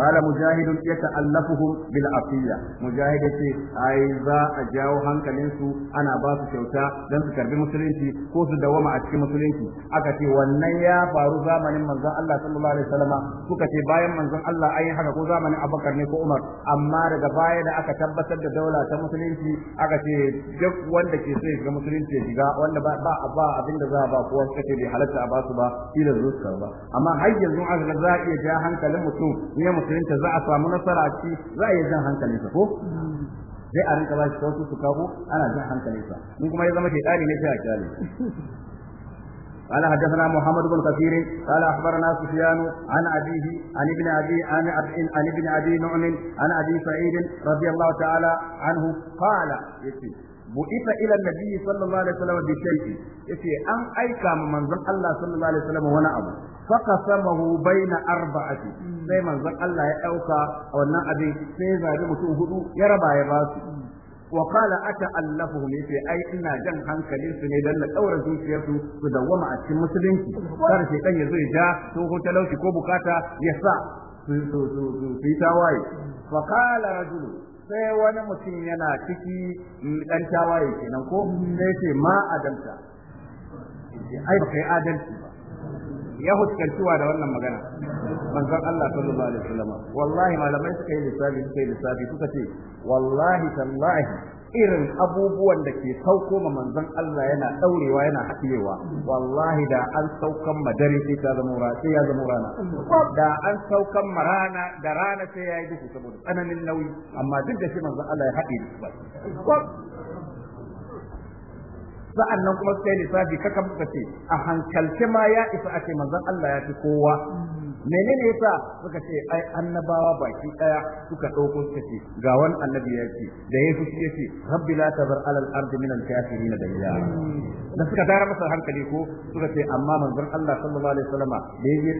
قال مجاهد يتألفهم بالعطية مجاهد يتي أي ذا أجاو هنك لنسو أنا باس شوتا لن تكر بمسلنتي كوس دوما أشكي مسلنتي أكتي ونيا فارو زامن من ذا الله صلى الله عليه وسلم سكتي bayan من Allah الله أي حاجة كو زامن أبو ne ko Umar أما daga baya da aka tabbatar da daula ta musulunci aka ce duk wanda ke so ya shiga musulunci ya shiga wanda za a ba kowa suka bai halatta a basu ba ila zuwa ba amma har yanzu aka iya ja hankalin mutum musulunta za a samu nasara ci za a yi jan hankalinsa ko sai a rinka ba shi su kago ana jan hankalinsa in kuma ya zama shaitani ne sai a kyale قال حدثنا محمد بن كثير قال اخبرنا سفيان عن ابيه عن ابن ابي عن عن ابن ابي نعم عن ابي سعيد رضي الله تعالى عنه قال an aika ma manzon Allah wani abu faqasamahu arba'a arba'ati sai manzon Allah ya ɗauka a wannan abin sai ya zabi mutum hudu ya raba ya basu. Wakala wa qala ata'allafuhum fi ai inna jan hankalin su ne dan na daura zuciyar su da dawwama a cikin musulunci kar sai kan ya zai ja to ko talauci ko bukata ya sa su su tawaye fa qala rajulun sai wani mutum yana ciki dan tawaye kenan ko sai ce ma adamta ai adalci ba ya huskanci wa da wannan magana manzon Allah sallallahu alaihi wasallam wallahi malamai suka yi lissafi suka yi lissafi suka ce wallahi tallahi irin abubuwan da ke sauko ma manzon Allah yana daurewa yana haɗewa wallahi da an saukan madare sai ta zama rana sai ya zama rana da an saukan marana da rana sai ya yi duhu saboda tsananin nauyi amma duk da shi manzon Allah ya haɗe da su nan kuma sai lissafi kaka suka ce a hankalce ma ya isa a ce manzon Allah ya fi kowa menene yasa suka ce ai annabawa baki daya suka dauko suka ce ga wani annabi ya ce da ya fi ce ce rabbi la tazar ala al-ard min al-kafirin da ya da suka dara masa hankali ko suka ce amma manzon Allah sallallahu alaihi wasallama da ya je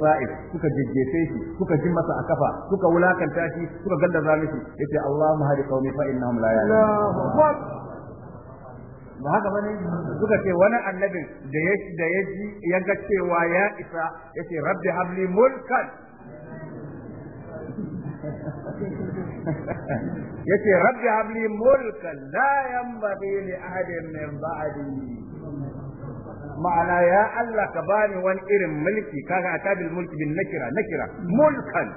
suka jejjefe shi suka ji masa a kafa suka wulakanta shi suka gallaza mishi yace Allahumma hadi qaumi fa innahum la ya'lamun ba haka bane suka ce wani annabi da ya da ya ji ya ga cewa ya isa yace rabbi habli mulkan yace rabbi habli mulkan la yanbaghi li ahadin min ba'di ma'ana ya Allah ka bani wani irin mulki kaga atabil mulki bin nakira nakira mulkan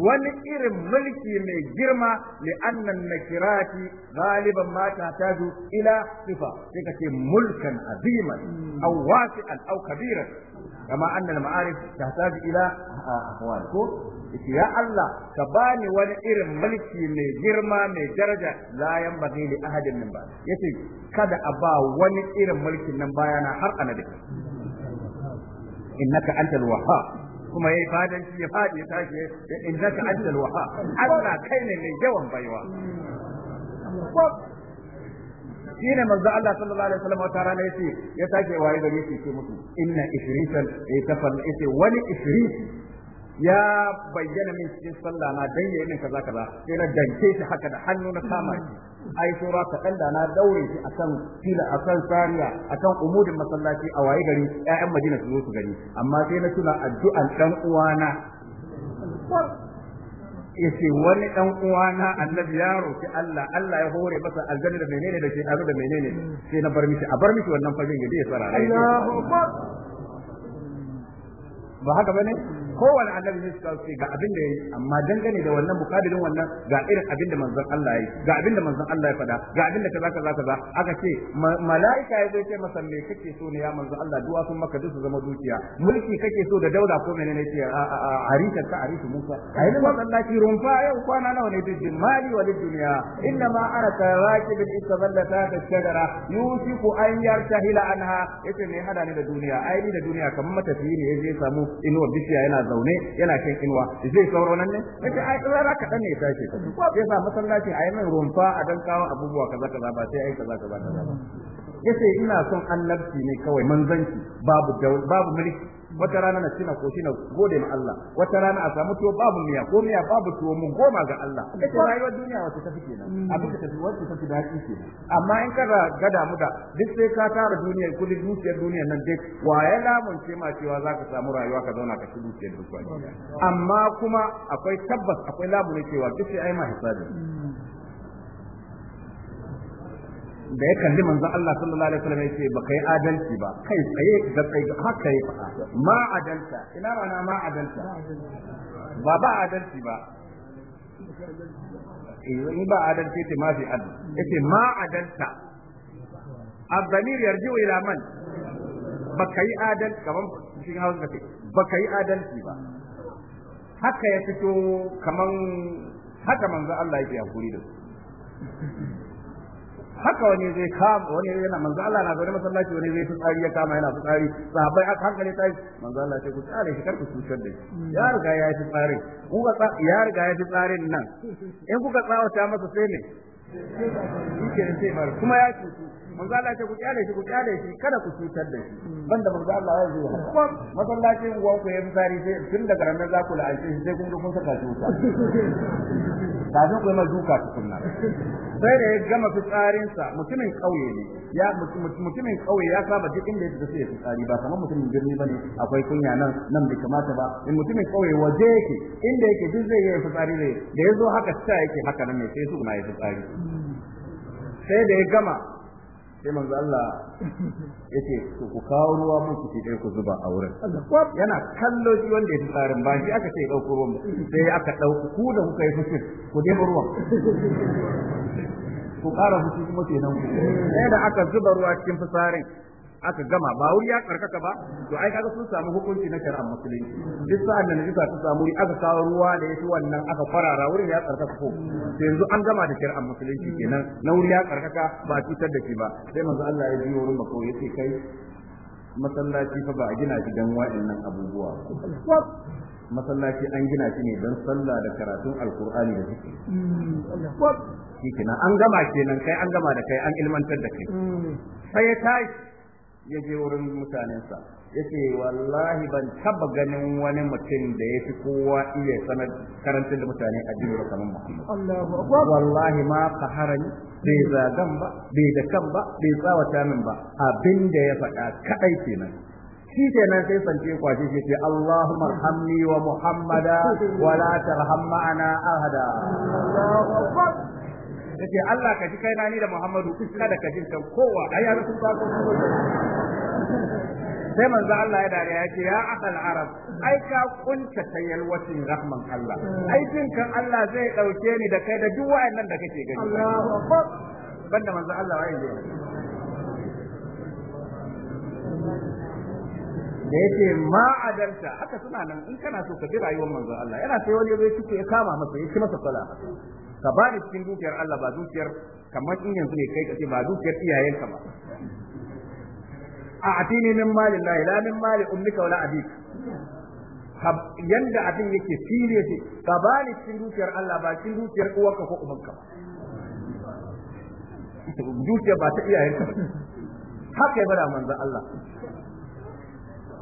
wani irin mulki mai girma li annan nakirati galiban ma tahtaju ila sifa sai kace mulkan aziman aw wasi'an aw kabiran kama annal ma'arif tahtaju ila ahwal ko ya Allah ka bani wani irin mulki mai girma mai daraja la yanbaghi li ahadin min ba yace kada a ba wani irin mulkin nan bayana har anadika innaka antal wahhab kuma yayi fadanci ya fadi ya tashi ya ka antal waha Allah kai ne mai yawan baiwa shine manzo Allah sallallahu alaihi wasallam wata rana yace ya sake waye gari yake ce mutu? inna ifritan ay kafal yace wani ifrit ya bayyana min cikin sallah na dan yayin min kaza kaza sai na danke shi haka da hannu na sama shi ai sura ka kalla na daure shi akan fila akan sariya akan umudin masallaci a waye gari ƴaƴan Madina su zo su gani amma sai na tuna addu'an dan uwana yace wani dan uwana annabi ya roki Allah Allah ya hore masa aljanna da menene da shekaru da menene sai na bar mishi a bar mishi wannan fagen ya je ya tsara Allahu akbar ba haka bane kowane annabi ne suka ce ga abin da yayi amma dangane da wannan bukadirin wannan ga irin abin da manzon Allah yayi ga abin da manzon Allah ya fada ga abin da kaza kaza kaza aka ce mala'ika ya zai ce masa me kake so ne ya manzon Allah duwa sun maka duk su zama dukiya mulki kake so da dauda ko menene ce arisa ka arisu Musa ai ne masallaci rumfa yau kwana nawa ne duk mali wa dunya inna ma araka raqib istaballa ta shajara yusiku an yartahila anha yace ne hada ni da duniya ai ni da duniya kamar matafiyi ne je samu inuwar bishiya yana zaune yana shan inuwa zai sauro nan ne yace ai rara kaɗan ne ya tashi ko ya sa masallaci a yi min rumfa a dan kawo abubuwa kaza kaza ba sai ai kaza kaza kaza ba yace ina son annabci ne kawai manzanci babu babu mulki wata rana na cina ko koshi na gode ma Allah wata rana a samu tuwo babu miya ko miya babu tuwo mun goma ga Allah ita rayuwar duniya wacce tafi kenan mm. abin da tafi wacce tafi da haƙi kenan amma in ka gada mu da duk sai ka tara duniya kudi dukiyar duniyar nan dai waye ce ma cewa za ka samu rayuwa ka zauna ka ci dukiyar duk mm. amma kuma akwai tabbas akwai lamunin cewa duk sai ai ma hisabi mm. da ya kalli manzon Allah sallallahu alaihi wasallam yace ba kai adalci ba kai tsaye da tsaye haka yi faɗa ma adalta ina mana ma adalta ba ba adalci ba eh, in ba adalci ce ma fi adal yace ma adalta الضمير يرجع إلى من؟ بكي آدل كمان cikin hausa ka ce ba ka yi adalci ba haka ya fito kaman haka manzo Allah yake hakuri da su haka wani zai kama wani yana manzo Allah na gode masallaci wani zai fitsari ya kama yana fitsari sahabbai a hankali tashi manzo Allah ce ku tsare shi kar ku cutar da shi hmm. ya riga ya yi fitsarin kuka ya riga ya fitsarin nan in kuka tsawata masa sai ne kuma ya cutu manzo Allah ce ku tsare shi ku tsare shi kada ku cutar da shi hmm. banda manzo Allah ya zuwa kuma masallacin uwan ku ya fitsari sai tun daga ranar za ku la'alce sai kun ga kun saka shi wuta kafin ku yi mai duka nan? sai da ya gama fitsarinsa mutumin ƙauye ne ya mutumin kauye ya saba duk inda ya sai ya fitsari ba kamar mutumin birni ba ne, akwai kunya nan nan bai kamata ba in mutumin kauye waje yake inda yake duk zai yi fitsari ne da ya zo haka sa yake haka nan ne sai su kuma yi fitsari sai da ya gama sai manzo Allah yace to ku kawo ruwa mu ku dai ku zuba a wurin yana kallo shi wanda ya tsarin ba shi aka ce dauko ruwan sai aka dauko ku da kuka yi fushi ku dai ruwan ku ƙara fushi kuma kenan ku sai da aka zuba ruwa cikin fitsarin aka gama ba wuri ya karkaka ba to ai kaga sun samu hukunci na shari'ar musulunci duk sa'an da najisa ta samu wuri aka kawo ruwa da yafi wannan aka farara wurin ya karkaka ko sai yanzu an gama da shari'ar musulunci kenan na wuri ya karkaka ba cutar da shi ba sai manzo Allah ya biyo wurin bako yace kai masallaci fa ba a gina shi dan nan abubuwa masallaci an gina shi ne don sallah da karatun alkur'ani da suke shi kenan an gama kenan kai an gama da kai an ilmantar da kai hmm. sai ya tashi ya je wurin mutanensa ya ce wallahi ban taba ganin wani mutum da ya fi kowa iya sanar karantar da mutane a jini kamar Wallahi ma kaharani bai zagan ba, bai da kan ba, bai tsawata min ba, abin da ya faɗa kaɗai kenan. shi kenan sai sance kwashe shi ce Allahumma arhamni wa Muhammada wa la tarham ma'ana ahada. kace Allah ka ji kai na ni da Muhammadu kusa da kajin kan kowa ai ya sun fako sai manzo Allah ya dare ya ce ya akal arab ai ka kunta tayal wasin rahman Allah ai jin kan Allah zai dauke ni da kai da duk wayannan da kake gani Allahu akbar banda manzo Allah yi da yake ma adalta haka suna nan in kana so ka bi rayuwar manzo Allah yana sai wani zai ya kama masa ya ci masa sala ka ba da cikin dukiyar Allah ba dukiyar kamar in yanzu ne kai kace ba dukiyar iyayenka ba a atini min mali la ila min mali ummika wala abik yanda abin yake fili yake ka ba da cikin dukiyar Allah ba cikin dukiyar uwarka ko ummanka ba dukiyar ba ta iyayenka haka ya bada manzo Allah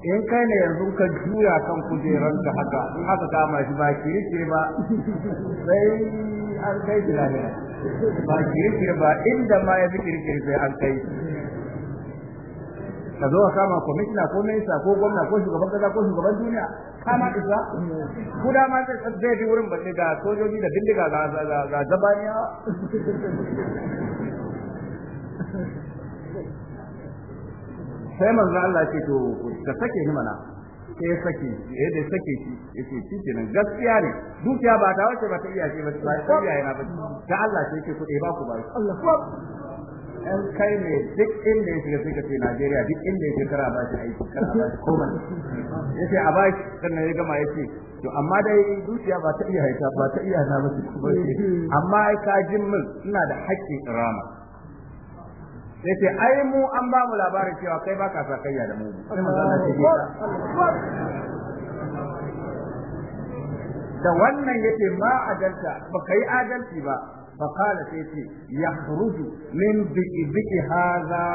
in kai ne yanzu ka juya kan kujeran ka haka in haka ma shi ba kirkire ba sai an kai shi lahira ba kirkire ba inda ma ya fi kirkire sai an kai ka zo ka kama kwamishina ko minista ko gwamna ko shugaban kasa ko shugaban duniya kama isa ku da ma zai sai bi wurin balle ga sojoji da bindiga ga ga zabaniya sai manzo Allah ce to ka sake ni mana sai sake shi eh da sake shi yace shi kenan gaskiya ne dukiya ba ta wace ba ta iya ce ba ta iya yana ba da Allah sai yake kuɗe eh, ba ku ba Allah an kai ne duk inda yake sai ka ce Najeriya duk inda yake kara ba shi aiki kara ba shi komai yace a ba shi sannan ya gama yace to amma dai dukiya ba ta iya haita ba ta iya na ba mm-hmm. amma ai ka jin min ina da haƙƙin rama sai ai mu an ba mu labarin cewa kai ba ka sakayya da mu sai ce da wannan yake ma adalta ba kai adalci ba fa kala sai ce yakhruju min bi'i hadha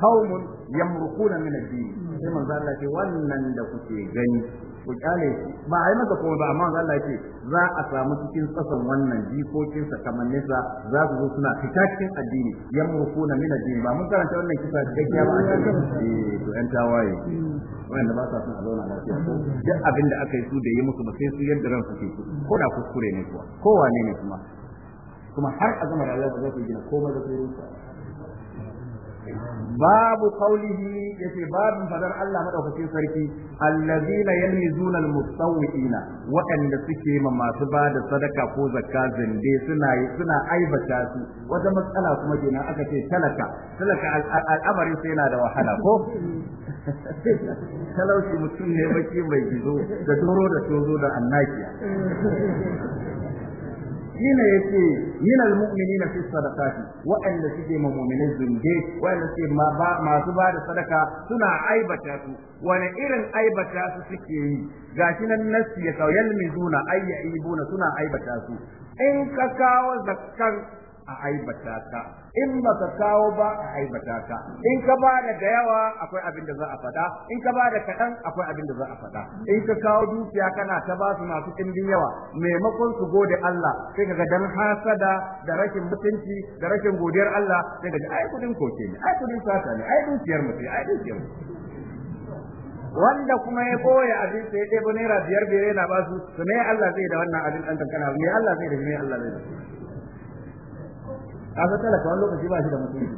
qaumun yamruquna min ad-din sai manzo Allah ce wannan da kuke gani ku kyale ba a yi masa kuma ba amma Allah ya ce za a samu cikin tsasan wannan jikokin sa kamannin sa za su zo suna fita cikin addini na min addini ba mun karanta wannan kisa gaskiya ba eh to yan tawaye wanda ba sa son a zauna lafiya ko duk abin da aka yi su da yi musu ba sai su yadda ran su ke ko da kuskure ne kuwa kowa ne kuma kuma har a zama rayuwa ba za su gina komai da sai rinsa babu qaulihi yace babin fadar Allah madaukakin sarki allazina yalmizuna almustawina waɗanda suke ma masu ba da sadaka ko zakka zande suna suna aibata su wata matsala kuma kenan aka ce talaka talaka al'amarin sai yana da wahala ko talauci mutum ne baki mai gizo da doro da tozo da annakiya shine yace min almu'minina fi sadaqati wa'anda suke ma mu'minai zunde wa'anda suke ma masu ba da sadaka suna aibata su wani irin aibata su suke yi gashi nan nasu ya kawo yalmizuna ayya ibuna suna aibata su in ka kawo zakkan a aibata ka in ba ka kawo ba a aibata ka in ka ba da da yawa akwai abin da za a faɗa in ka ba da kaɗan akwai abin da za a faɗa in ka kawo dukiya kana ta ba su masu ɗimbin yawa maimakon su gode Allah sai ga dan hasada da rashin mutunci da rashin godiyar Allah sai kaga ai kudin koke ne ai kudin sata ne ai dukiyar mutum ai dukiyar mu. wanda kuma ya koya abin sai dai bu naira biyar biyar yana ba su to Allah zai da wannan abin dan kankana ne Allah zai da ne Allah zai da kaga talaka wani lokaci ba shi da mutunci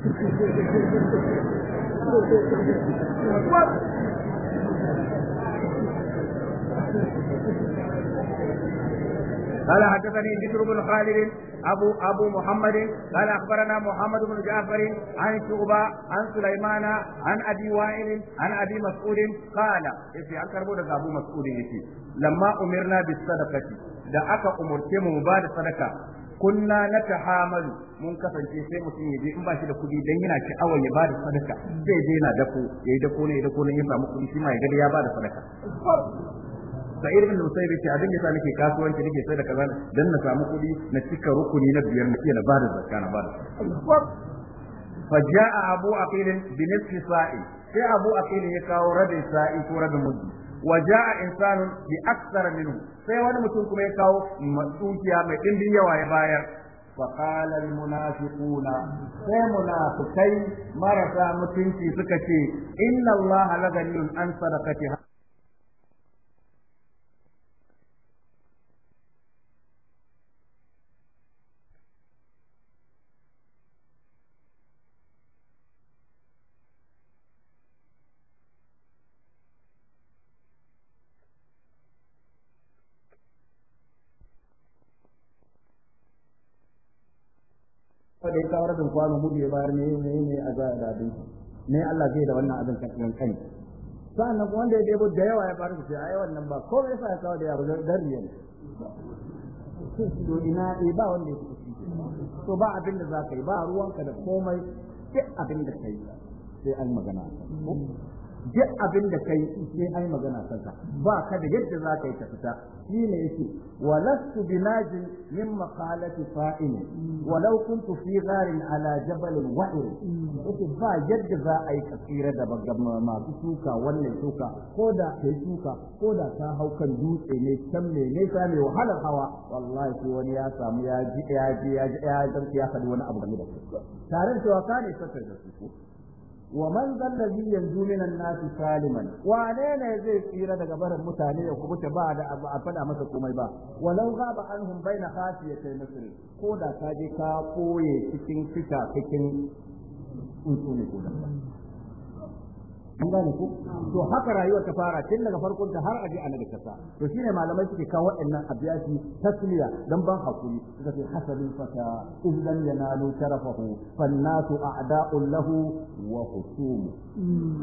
قال حدثني بشر بن خالد أبو أبو محمد قال أخبرنا محمد بن جعفر عن شعبة عن سليمان عن أبي وائل عن أبي مسعود قال في أنكر بودك أبو مسعود لما أمرنا بالصدقة da aka umurce mu ba da sadaka kunna na hamalu mun kasance sai mutum ya je in ba shi da kuɗi dan yana sha'awar ya bada sadaka zai je yana dako yayi dako ne ya dako ne ya samu kuɗi shi ma ya gada ya bada sadaka sa'ir ibn musayyib ce abin da yasa nake kasuwanci nake sai da kaza dan na samu kuɗi na cika rukuni na biyar na iya na bada zakka na bada فجاء abu أقيل bi ساعي sai sa'i abu a ya kawo rabin sa'i ko rabin mudu Waje a insanun bi aktsara minhu sai wani mutum kuma ya kawo dukiya mai dimbin yawa ya bayar فقال المنافقون sai munafikai marasa mutunci suka ce inna allaha laganiyun an sadaqati rabin kwano hudu ya bayar ne ne ne a za a dadin ne Allah zai da wannan abin kan kai sa'annan wanda ya debo da yawa ya faru sai ai wannan ba ko yasa ya kawo da yawa ga gariya ne to ina eh ba wanda ya to ba abin da za ka yi ba ruwanka da komai sai abin da kai sai an magana duk abin da kai sai ai magana kanka ba ka da yadda za ka yi ka fita shi ne yake walastu binajin min maqalati fa'in walau kuntu fi gharin ala jabal wa'ir yake ba yadda za a yi kasira da masu suka wannan suka ko da kai suka ko da ta hau kan dutse ne can me ne ta wahalar hawa wallahi sai wani ya samu ya ji ya ji ya ji ya ya wani abu game da su tare da cewa ka ne sakar da su wa man zallazi yanzu minan nasi saliman wane ne zai tsira daga barin mutane ya kubuta ba da a fada masa komai ba ba walau ghaba anhum baina khasiyati misri ko da ka je ka koye cikin fita cikin tsuntsuni ko da an gane ku to haka rayuwar ta fara tun daga farkon ta har aje annabi kasa to shine malamai suke kawo waɗannan abiyati tasliya dan ban hakuri suka ce hasabul fata in yanalu sharafahu fannasu a'da'un lahu wa husum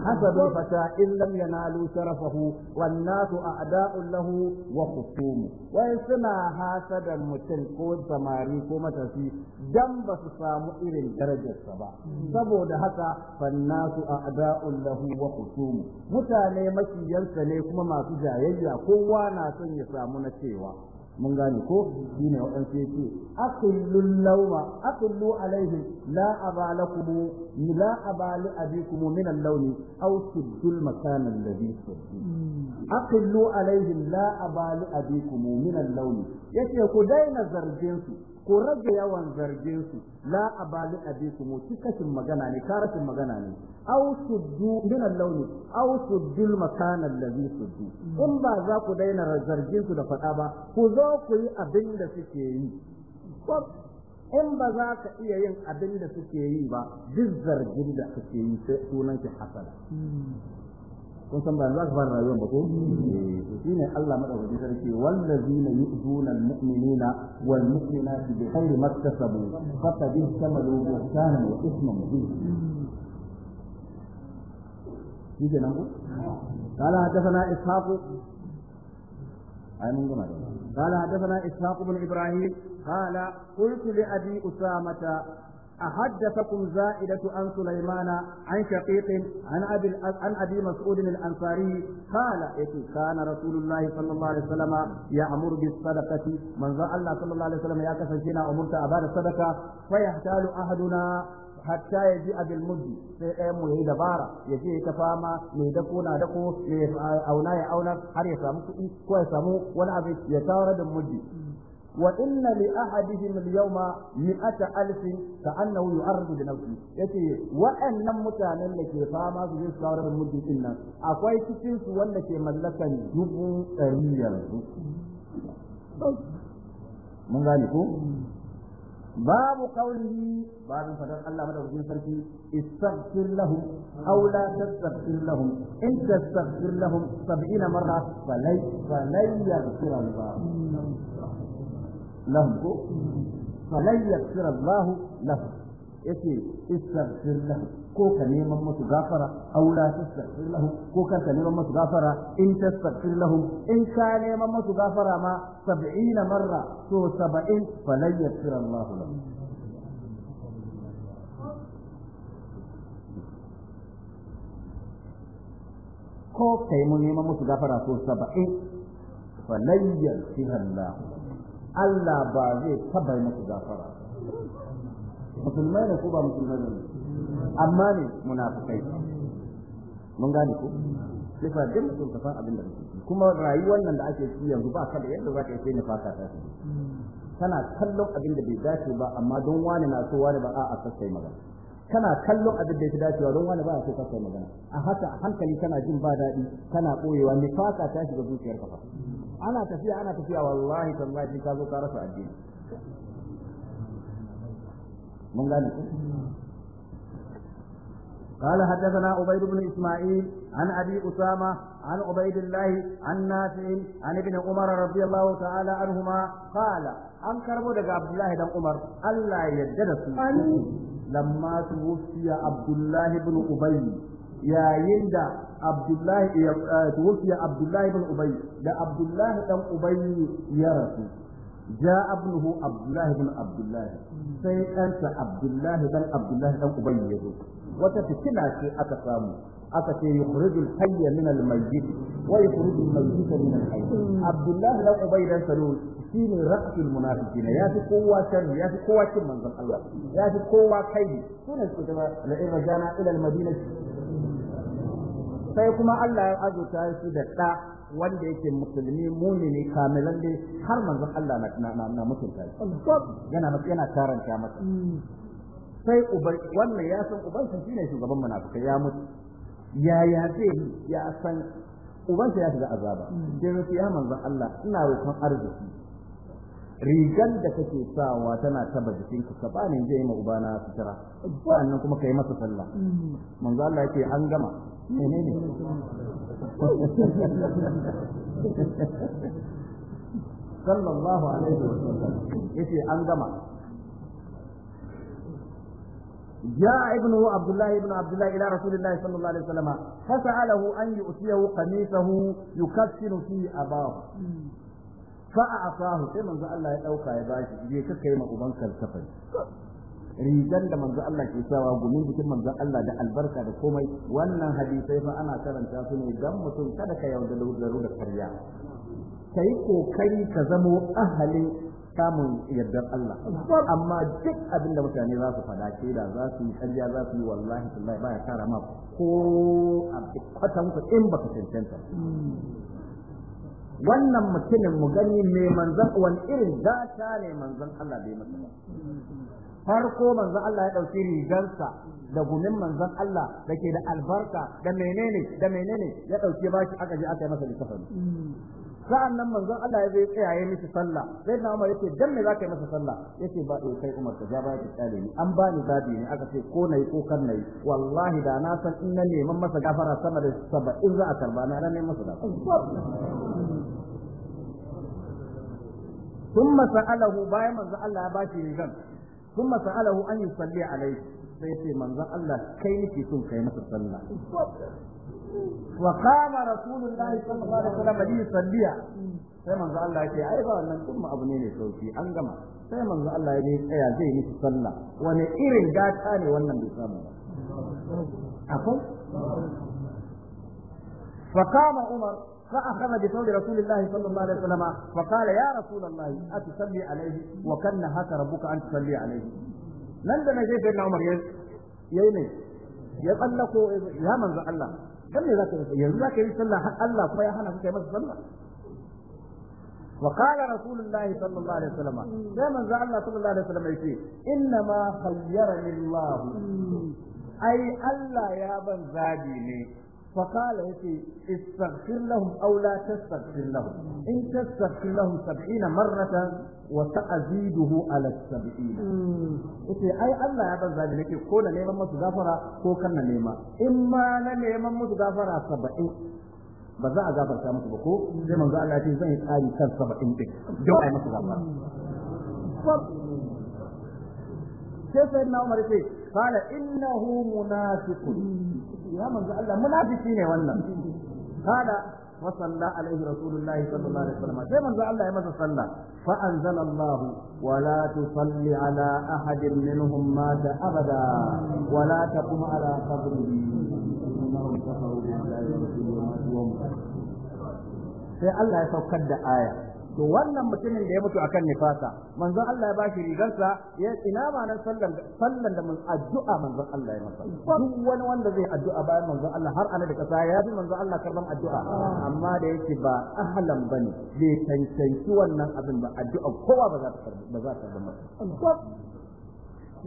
hasabul fata in yanalu sharafahu wannasu a'da'un lahu wa husum wai suna hasadan mutum ko samari ko matafi dan ba su samu irin darajarsa ba saboda haka fannasu a'da'un lahu wa husumu mutane makiyansa ne kuma masu jayayya kowa na son ya samu na cewa mun gane ko shine waɗansu ya ce aqillul lawma akullu alaihi la abalakum la abali abikum min al-lawni aw suddul makan alladhi hmm. aqillu alaihi la abali abikum min al-lawni yace ku daina zargin su ku rage yawan zargin su la abali abiku mu kashin magana ne karatin magana ne aw suddu min al aw suddu al-makan allazi suddu in ba za ku daina zargin su da fada ba ku zo ku yi abin da suke yi in ba za ka iya yin abin da suke yi ba duk zargin da suke yi sai sunan ki hasala hmm. kun san ba za ka fara rayuwar ba ko eh. shi ne Allah madaukakin sarki wallazina yu'zuna almu'minina wal mu'minati bi ghairi maktasabu faqad istamalu buhtanan wa isman mubin yake nan ko قال حدثنا da أي من قال حدثنا إسحاق بن إبراهيم قال قلت لأبي أسامة أحدثكم زائدة عن سليمان عن شقيق عن أبي عن أبي مسعود الأنصاري قال إتي كان رسول الله صلى الله عليه وسلم يأمر بالصدقة من ذا الله صلى الله عليه وسلم يا كسجنا أمرت أبار الصدقة فيحتال أحدنا hatta ya ji abin muddi sai ɗayan mu yayi dabara ya je ta fama mai dako na dako mai auna ya auna har ya samu kuɗi ko ya samu wani abin ya tawar da muddi Waɗannan ahadihin naluma yi ata alfin da ana wuyan harsun da naushe. Ita ce waɗannan mutanen da ke fama suke saurari mujjin ɗin nan akwai cikin su wanda ke mallakan dubu ɗari biyar. Mun gane ku? Babu kaunin ni ba dunka don Allah da wajen sarki. Ita shiru lahus, la sassaɓa shiru In ta sassaɓa shiru lahus, sabina mara salai, salai ya dutse لهم كفر فلن يغفر الله لهم يتي استغفر له كوكا نيما متغافرة أو لا تستغفر له كوكا نيما متغافرة إن تستغفر لهم إن كان نيما متغافرة ما سبعين مرة سو سبعين فلن يغفر الله لهم كوكا نيما متغافرة سو سبعين فلن يغفر الله لهم Allah ba zai taba yi musu zafara musulmai ne ko ba musulmai ne amma ne munafukai mun gane ko sai fa duk mutum ka san abin da kake kuma rayuwar nan da ake ciki yanzu ba kada yadda ka yi sai ni fata ta shi kana kallon abin da bai dace ba amma don wani na so wani ba a'a sai magana kana kallon abin da ya fi dacewa don wani ba a so ka magana a haka hankali kana jin ba daɗi kana ɓoyewa fata ta shiga zuciyar ka fa ana tafiya ana tafiya wallahi tallahi ka zo ka rasa addini mun gane قال حدثنا عبيد بن اسماعيل عن ابي اسامه عن عبيد الله عن نافع عن ابن عمر رضي الله تعالى عنهما قال an karbo daga Abdullahi dan Umar Allah ya yarda da su lamma tuwfiya Abdullahi ibn yayin da Abdullahi ya eh, tuwfiya Abdullahi bin Ubay da Abdullahi dan Ubay ya rasu جاء ابنه عبد الله بن عبد sai ɗansa Abdullahi dan Abdullahi dan Ubay ya zo wata fitina ce aka samu aka ce yukhrijul hayya min al mayyit wa yukhrijul mayyita min al hayy Abdullahi dan Ubay dan Salul shine raqsul munafiqin ya fi kowa shan ya fi kowa cin manzon Allah ya fi kowa kai sunan su da la in rajana ila al madinati sai kuma Allah ya azurta shi da ɗa wanda yake musulmi mumini kamilan dai har manzo Allah na mutunta shi yana yana karanta masa sai uban wannan ya san uban sa shine shugaban munafikai ya mutu yaya zai ya san ubansa ya shiga azaba sai ya manzo Allah ina roƙon arziki rigan da kake sawa tana taba jikin ka sabanin je ma ubana sutura sannan kuma kai masa sallah manzo Allah yake an gama menene sallallahu alaihi wa sallam yace an gama جاء ابنه عبد الله ابن عبد الله الى رسول الله صلى الله عليه وسلم فسأله ان يؤتيه قميصه يكفن فيه اباه fa a asahu sai manzo Allah ya dauka ya bashi je ka kai ma uban kalsafai rigan da manzo Allah ke sawa gumin jikin manzo Allah da albarka da komai wannan hadisai fa ana karanta su ne dan mutum kada ka yauda da karya kai kokari ka zamo ahalin samun yardar Allah amma duk abin da mutane za su fada ke da za su yi karya za su yi wallahi billahi baya kara ma ko a kwatan in baka cancanta wannan mutumin mu gani mai manzan wani irin gata ne manzan Allah bai masa farko manzan Allah ya ɗauki rigarsa da gumin manzan Allah da ke da albarka da menene da menene ya dauke ba shi aka je aka yi masa littafin? sa'an nan manzon Allah ya zai tsaya ya mishi sallah sai na Umar yace dan me zaka yi masa sallah yace ba eh kai Umar ka ja ba ki ni an bani zabi ne aka ce ko nayi ko kan nayi wallahi da na san in na neman masa gafara sama da 70 za a karba na neman masa gafara thumma sa'alahu bayan manzo Allah ya bashi rigan thumma sa'alahu an yusalli alayhi sai ce manzo Allah kai nake son kai masa sallah wa qama rasulullahi sallallahu alaihi sai manzo Allah ya ai ba wannan kuma abu ne mai sauki an gama sai manzo Allah ya tsaya zai miki sallah wani irin gata ne wannan bai samu ba akwai فقام عمر فأخذ بقول رسول الله صلى الله عليه وسلم فقال يا رسول الله أتصلي عليه وكان نهاك ربك أن تصلي عليه لن da na سيدنا عمر na Umar ya يا من ya الله كم manzo Allah dan الله zaka yi yanzu zaka yi sallah har Allah kuma وقال رسول الله صلى الله عليه وسلم من زعل الله صلى الله عليه وسلم يقول إنما خيرني الله أي الله يا من زادي فقال يتي استغفر لهم أو لا تستغفر لهم إن تستغفر لهم سبعين مرة وتأزيده على السبعين يتي أي الله يا بزاد لك كون نيما متغفرة كو كان نيما إما نيما متغفرة سبعين ba za a gafarta musu ba ko sai manzo Allah ya ce zan yi tsari kan saba'in din don ai musu gafara sai sai na Umar ce qala innahu munafiqun ya manzo Allah munafiki ne wannan kada wa salla alaihi rasulullahi sallallahu alaihi wasallam sai manzo Allah ya masa sallah fa anzala Allah wa la tusalli ala ahadin minhum mata abada wa la taqum ala qabrihi sai Allah ya saukar da aya to wannan mutumin da ya mutu akan nifasa manzon Allah ya bashi rigarsa ya ina ma nan sallan sallan da addu'a manzon Allah ya masa duk wani wanda zai addu'a bayan manzon Allah har ana da kasa ya bi manzon Allah karban addu'a amma da yake ba ahlan bane bai tantance wannan abin ba addu'a kowa ba za ta ba za ta ba. masa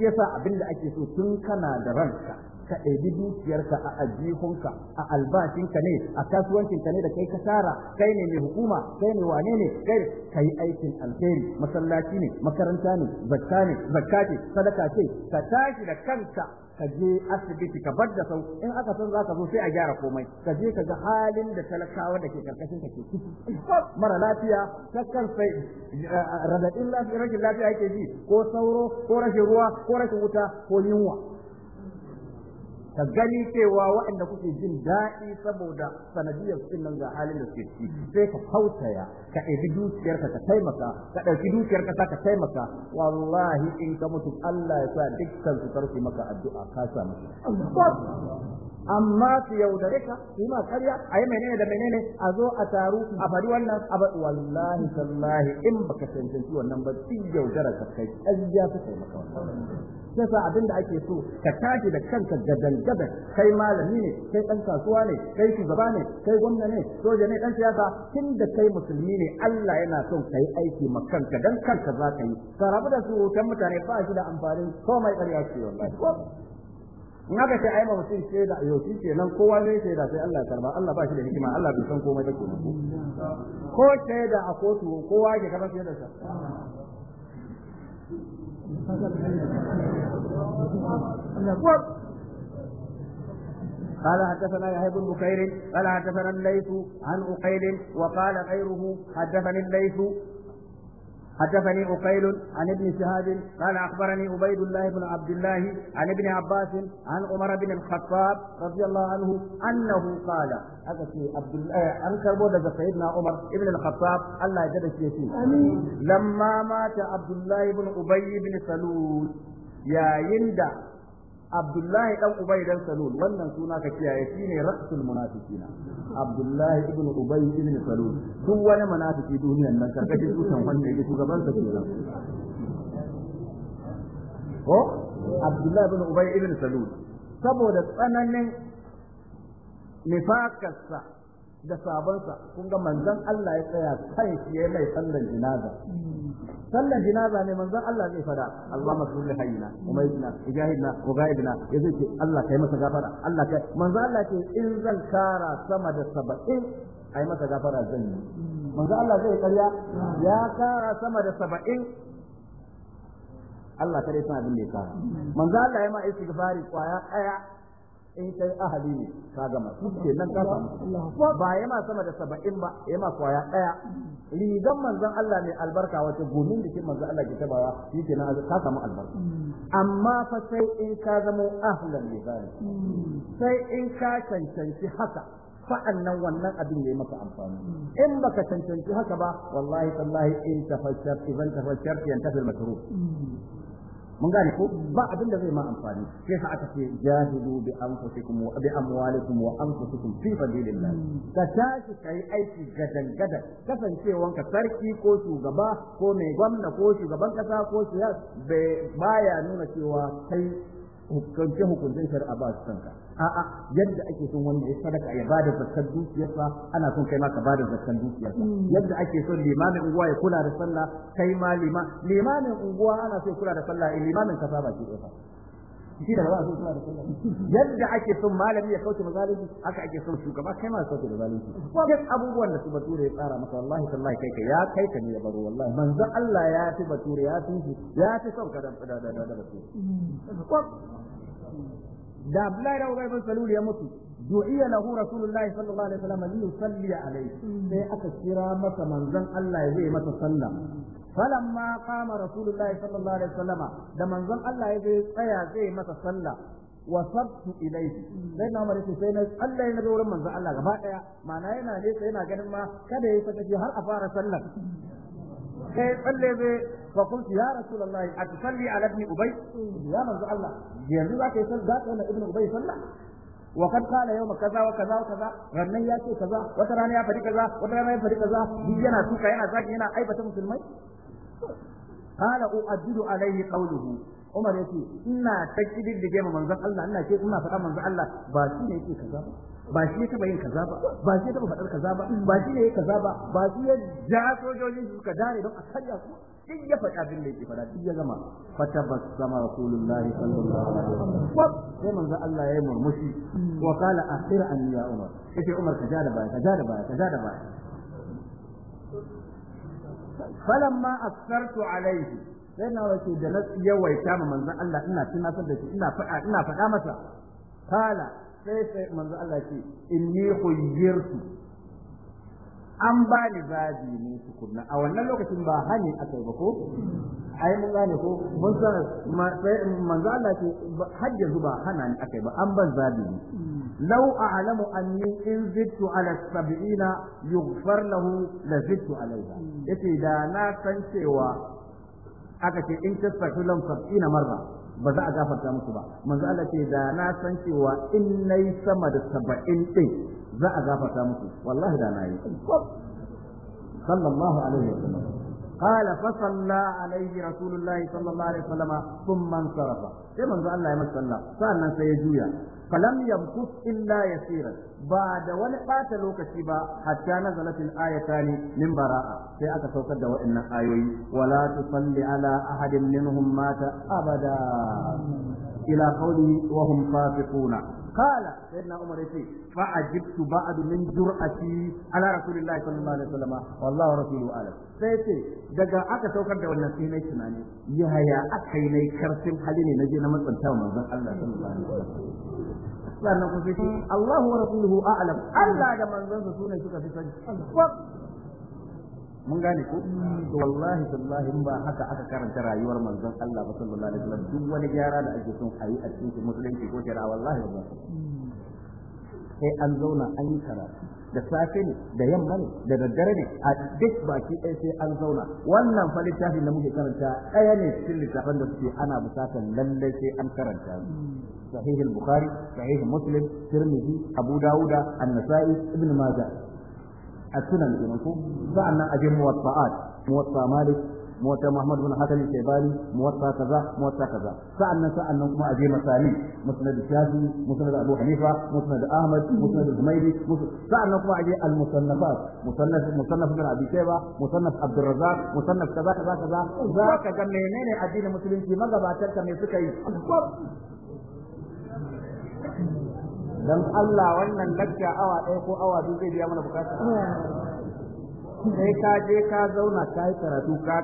yasa abin da ake so tun kana da ranka ka ɗebi dukiyarka a ajihunka a albashinka ne a kasuwancinka ne da kai ka tara kai ne mai hukuma kai ne wane ne kai ka yi aikin alheri masallaci ne makaranta ne zakka ne zakka ce sadaka ce ka tashi da kanka ka je asibiti ka bar da sau in aka san zaka zo sai a gyara komai ka je ka ga halin da talakawa da ke karkashin ka ke ciki mara lafiya ta kan sai radadin lafiya rashin lafiya yake ji ko sauro ko rashin ruwa ko rashin wuta ko yunwa ka gani cewa waɗanda kuke jin daɗi saboda sanadiyar cikin nan ga halin da suke ciki sai ka kautaya ka ɗauki dukiyarka ka taimaka ka ɗauki dukiyarka ka taimaka wallahi in ka mutu Allah ya sa dukkan su tarfi maka addu'a ka samu amma su yaudare ka su ma karya a yi menene da menene a zo a taru a fari wannan a ba wallahi tallahi in baka cancanci wannan ba su yaudara ka kai ƙarya su kai maka sai sa abin da ake so ka tashi da kanka gadan gadan kai malami ne kai ɗan kasuwa ne kai shugaba ne kai gwamna ne soja ne ɗan siyasa tun da kai musulmi ne Allah yana son yi aiki ma kanka dan kanka za ka yi ka rabu da su mutane ba shi da amfani komai ƙarya ce wallahi in aka ce ai ba mutum da yau shi nan kowa ne da sai Allah karba Allah ba shi da hikima Allah bai san komai ba da komai ko shaida a kotu kowa ke karba shaida sa قال حدثنا يحيى بن بكير قال حدثنا الليث عن أقيل وقال غيره حدثني الليث حدثني أقيل عن ابن شهاب قال اخبرني أبيد الله بن عبد الله عن ابن عباس عن عمر بن الخطاب رضي الله عنه انه قال اكثي عبد الله عن آه، كربو سيدنا عمر ابن الخطاب الله يجد شيء لما مات عبد الله بن ابي بن سلول يا يندا Abdullahi dan Ubay dan Salul wannan suna ka kiyaye shine rasul munafiqina Abdullahi ibn Ubay ibn Salul duk wani munafiki duniyar nan karkashin tutan wanda yake shugaban sa kenan ko Abdullahi ibn Ubay ibn Salul saboda tsananin nifakarsa da sabansa kun ga manzon Allah ya tsaya kai shi yayi mai sallan jinaza sallan jinaza ne manzon Allah zai fada Allahumma salli hayyina kuma mayyitina ijahidna wa gaibina yace ce Allah kai masa gafara Allah kai manzon Allah ce in zan kara sama da 70 ai masa gafara zan yi manzon Allah zai karya ya kara sama da 70 Allah kare san abin da ya kara manzon Allah ya ma gafari kwaya daya in kai ahali ne ka gama su ke nan ka samu ba ya ma sama da saba'in ba yana kwaya ɗaya rigan manzon Allah ne albarka wace gumin jikin manzon Allah ke tabawa shi ke nan ka samu albarka amma fa sai in ka zama ahlan ne sai in ka cancanci haka fa'annan wannan abin ya yi maka amfani in baka cancanci haka ba wallahi tallahi in tafashar idan tafashar yan tafil masruf mun gane ko ba abin da zai ma amfani sai sa aka ce jahidu bi anfusikum wa bi amwalikum wa anfusikum fi sabilillah ka tashi kai aiki gadan gadan kasancewan ka sarki ko shugaba ko mai gwamna ko shugaban kasa ko siyasa baya nuna cewa kai hukunce hukuncin shari'a ba su kanka a'a yadda ake son wanda ya sadaka ya bada zakkan dukiyarsa ana son kai ma ka bada zakkan dukiyarsa mm. yadda ake son limamin unguwa ya kula da sallah kai ma lima limamin unguwa ana so kula da sallah eh, limamin kasa ba ke ɗaya shi da ba a kula da sallah yadda ake son malami ya kauce mazalunci haka ake son shugaba kai ma kauce da zalunci duk abubuwan da su bature ya tsara maka wallahi tallahi kai ka ya kai ka ne ya baro wallahi manzo Allah ya fi bature ya fi ya fi son ka da da da bature mm. da Abdullahi da Ubay bin Salul ya mutu du'iya lahu Rasulullahi sallallahu alaihi wasallam li yusalli alaihi sai aka kira masa manzon Allah ya zai masa sallah falamma qama Rasulullahi sallallahu alaihi wasallam da manzon Allah ya zai tsaya zai masa sallah wasabtu ilayhi sai na mare sai na Allah ya wurin manzon Allah gaba daya ma'ana yana ne sai yana ganin ma kada ya saka har a fara sallar sai tsalle zai فقلت يا رسول الله أتصلي على ابن أبي يا من الله يرضي ذاك يصلي ذاك أن ابن أبي صلى وقد قال يوم كذا وكذا وكذا غنن يا كذا وترانا يا فري كذا وترانا يا فري كذا يجينا سوكا ينا زاكي ينا أي بتم مسلمي قال أؤدد عليه قوله Umar ya ce ina ta kidin da gema manzon Allah ina ce ina faɗa manzon Allah ba shi ne yake kaza ba ba shi ya taba yin kaza ba ba shi ya taba faɗar kaza ba ba shi ne kaza ba ba shi ya ja sojojin suka dare don a karya su duk ya faɗi abin da yake faɗa duk ya gama fatabassama rasulullahi sallallahu alaihi wasallam sai manzo Allah ya yi murmushi wa kala akhir an ya umar yace umar ka jada baya ka jada baya ka jada baya falamma asartu alaihi sai na wace da na yawaita ma manzo Allah ina tunatar da shi ina faɗa ina faɗa masa kala sai sai manzo Allah ce inni khuyyirtu an ba ni zabi ne tukunna a wannan lokacin ba hani aka yi ba ko ai mun gane ko mun san manzo Allah ce har yanzu ba hana ni aka yi ba an ban zabi ne law a'lamu anni in zidtu ala sab'ina yughfar lahu la zidtu alayha yace da na san cewa aka ce in tasfatu lam sab'ina marra ba za a gafarta musu ba manzo Allah ce da na san cewa in nayi sama da saba'in din za a gafarta musu wallahi da nayi sallallahu alaihi wasallam قال فصلى عليه رسول الله صلى الله عليه وسلم ثم انصرف sai manzo Allah ya masa sallah sannan sai ya juya falam yamkut illa yasiran ba da wani bata lokaci ba hatta nazalatil ayatani min bara'a sai aka saukar da waɗannan ayoyi wala tusalli ala ahadin minhum mata abada ila qawli wa hum fasiquna قال سيدنا عمر يقول فعجبت بعد من جرأتي على رسول الله صلى الله عليه وسلم والله daga aka saukar da wannan na tunani yaya aka na karfin hali ne na je na matsanta Allah da mun gane ko to wallahi tallahi ba haka aka karanta rayuwar manzon Allah ba sallallahu alaihi wasallam duk wani gyara da ake son a yi a cikin musulunci ko shari'a wallahi ba sai an zauna an yi karatu da safe ne da yamma ne da daddare ne a duk baki ɗaya sai an zauna wannan fa littafin da muke karanta ɗaya ne cikin littafin da suke ana bukatar lallai sai an karanta sahihul bukhari sahih muslim tirmidhi abu dauda an-nasa'i ibn majah a tuna mu ko sa'an nan a je muwatta'at malik muwatta muhammad bin hakim shaibani kaza muwatta kaza sa'an nan sa'an nan kuma a je masani musnad shafi musnad abu hanifa musnad ahmad musnad humaydi sa'an nan kuma a je musannaf musannaf bin musannaf abdur musannaf kaza kaza kaza za ka ga menene addinin musulunci magabatar ka me suka yi dan Allah wannan lakka awa ɗaya ko awa biyu zai biya mana bukata sai ka je ka zauna ka yi karatu ka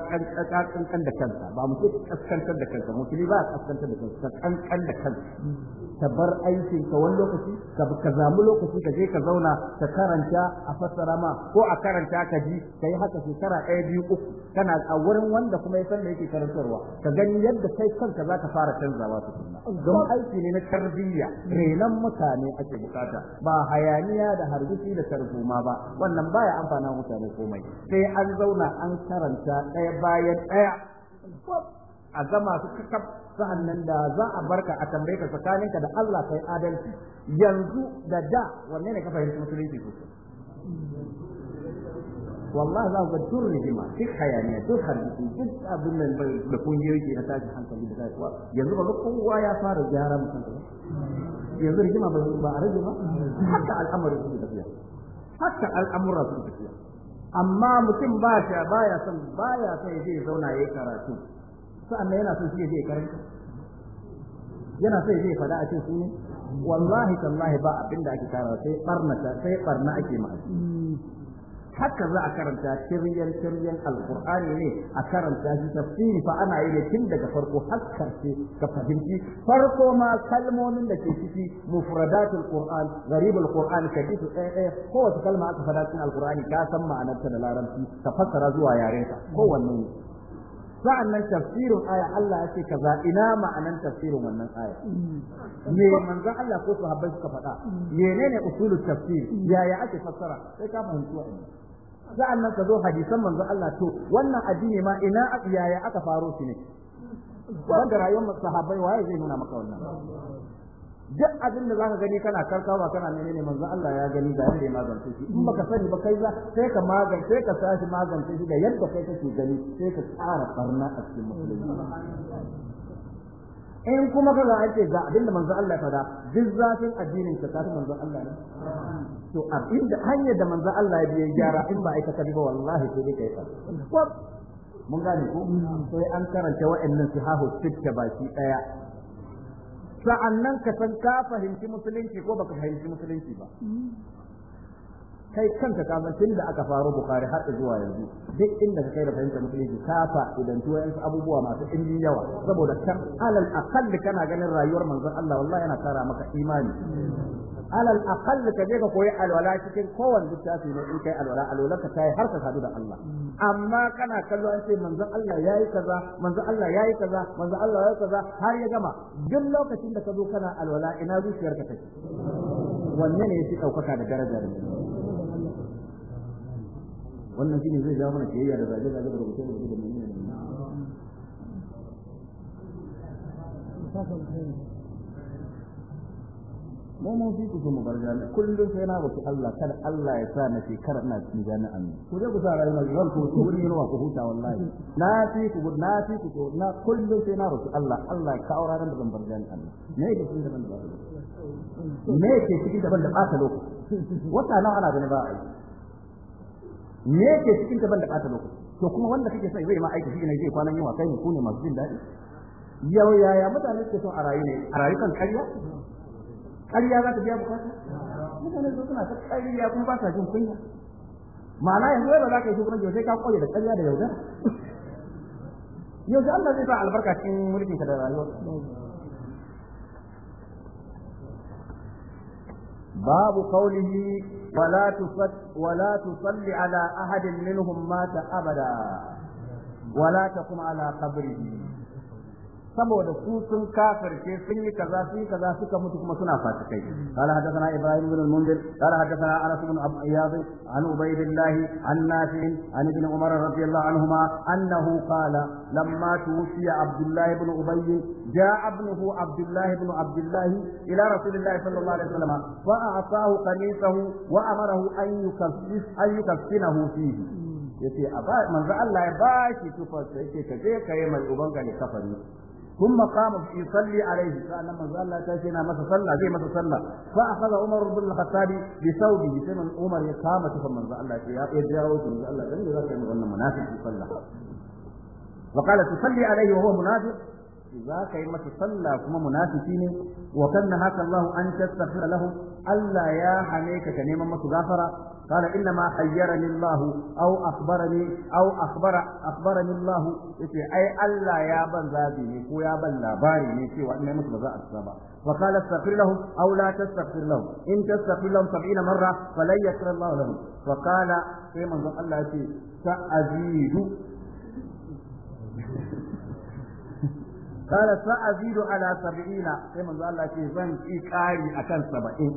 kankan da kanka ba mu kaskantar da kanka musulmi ba kaskantar da kanka kankan da kanka ka bar aikin ka wani lokaci ka zamu lokaci ka je ka zauna ka karanta a fassara ma ko a karanta ka ji ka yi haka shekara ɗaya biyu uku kana a wurin wanda kuma ya san da yake karantarwa ka gani yadda kai kanka za ka fara canzawa tukunna don aiki ne na tarbiyya renan mutane ake bukata ba hayaniya da hargitsi da tarzoma ba wannan baya amfana mutane komai sai an zauna an karanta ɗaya bayan ɗaya a gama su kakaf sa'an nan da za a barka a tambaye ka tsakaninka da Allah kai adalci yanzu da da wanne ne ka fahimci musulunci sosai wallahi za ku ga duk rigima duk hayaniya duk hargitsi duk abin nan da kungiyoyi ke na tashin hankali da tashi yanzu ba kowa ya fara gyara musamman yanzu rigima ba a rage ba haka al'amari su tafiya haka su tafiya amma mutum ba shi baya son baya son zai zauna yayi karatu sa'annan yana so shi zai karanta yana so zai fada a cikin sunan wallahi tallahi ba abin da ake tara sai barna sai barna ake ma haka za a karanta tiryan tiryan alqur'ani ne a karanta shi tafsiri fa ana yi tun daga farko har karshe ka fahimci farko ma kalmomin da ke ciki mufradatul qur'an gharibul qur'an kadisu eh, eh kowace kalma aka fada cikin alqur'ani ka san ma'anarta da larabci ka fassara zuwa yarenka kowanne nan tafsirin aya Allah ya ce kaza ina ma'anan tafsirin wannan aya mm. me manzan Allah ko sahabbai suka faɗa mm. menene usulul tafsir yaya ake fassara sai ka fahimci wa'annan sa'annan ka zo hadisan manzan Allah to wannan addini ma ina yaya aka faro shi ne wanda rayuwar sahabbai waye zai nuna maka wannan duk abin da zaka gani kana karkawa kana ne manzo Allah ya gani ga yadda ya magance shi in baka sani ba kai za sai ka magance sai ka sashi magance shi da yadda kai kake gani sai ka tsara barna a cikin musulunci in kuma kaga an ce ga abin da manzo Allah ya fada duk zafin addinin ka tafi manzo Allah ne to abin da hanyar da manzo Allah ya biya gyara in ba aikata ba wallahi sai dai kai mun gane ko sai an karanta wa'annan sihahu sitta baki daya sa'annan ka san ka fahimci musulunci ko baka fahimci musulunci ba hmm. kai kanka ka san tun da aka faro bukari har zuwa yanzu duk inda ka kai da fahimta musulunci ka fa'idanci wayansu abubuwa masu ɗimbin yawa saboda kan alal aqall kana ganin rayuwar manzon Allah wallahi yana kara maka imani alal aqall ka je ka koyi alwala cikin kowanne littafi ne in kai alwala alwala ka tayi har ka sadu da Allah amma kana kallo an ce manzon Allah yayi kaza manzon Allah yayi kaza manzon Allah yayi kaza har ya gama duk lokacin da ka zo kana alwala ina zuciyarka take wanne ne fi ɗaukaka da darajar wannan shine zai jawo mana kiyayya da zage zage da rubuce rubuce da menene mu mun fi ku so mu barja ne kullum sai na roki Allah kada Allah ya sa na shekara ina cikin jami'an ne ku je ku sa rayuwar zan ku ku wurin yalwa ku huta wallahi na fi ku na fi ku na kullum sai na roki Allah Allah ya kawo ranar da ban bar jami'an ne me yake cikin daban da ba me yake cikin daban da ba ta lokaci wata nawa ana gani ba a yi me yake cikin ta ban da ɓata lokaci to kuma wanda kake son zai ma aiki shi ne zai kwana yin kai ku ne masu jin daɗi yau yaya mutane suke son a rayu ne a rayu kan ƙarya ƙarya za ta biya bukata mutane su suna ta ƙarya kuma ba sa jin kunya ma'ana yanzu yau ba za ka yi shugabanci sai ka kware da ƙarya da yaudara yau da Allah zai sa albarka cikin mulkin ka da rayuwa باب قوله ولا تصد ولا تصلي على أحد منهم مات أبدا ولا تقم على قبره saboda su sun kafirce sun yi kaza sun yi kaza suka mutu kuma suna fasikai qala hadathana ibrahim ibn al-munzir qala hadathana anas ibn iyad an ubaydillah an nafi an ibn umar radiyallahu anhuma annahu qala lamma tuwfiya abdullah ibn ubay جاء ابنه عبد الله بن عبد الله إلى رسول الله صلى الله عليه وسلم فأعطاه قميصه وأمره أن يكفف أن يكفنه فيه yace a ba manzo Allah ya bashi tufa sai yace ka je kai mai ubanka ne kafani ثم قام يصلي عليه قال لما زال لا تاشينا مسا صلى زي مسا صلى فأخذ عمر بن الخطاب بثوبه سمن عمر يقام تفهم من زال الله يا جاوز من زال الله جميل ذاك يقول منافق يصلى وقال تصلي عليه وهو منافق za ka yi masa sallah kuma munafiki ne wa kanna haka Allah an tasfira lahu Allah ya hane ta neman masa gafara kana inna ma hayyarani Allah aw akhbarani aw Allah ai Allah ya ban zabi ne ko ya ban labari ne cewa in masa ba za a tsaba ba wa kala tasfira lahu in tasfira lahu 70 marra falay yakra Allah lahu wa kala sai manzon Allah yace sa'azidu قال سأزيد على سبعين كما قال الله في زن إكاري أكل سبعين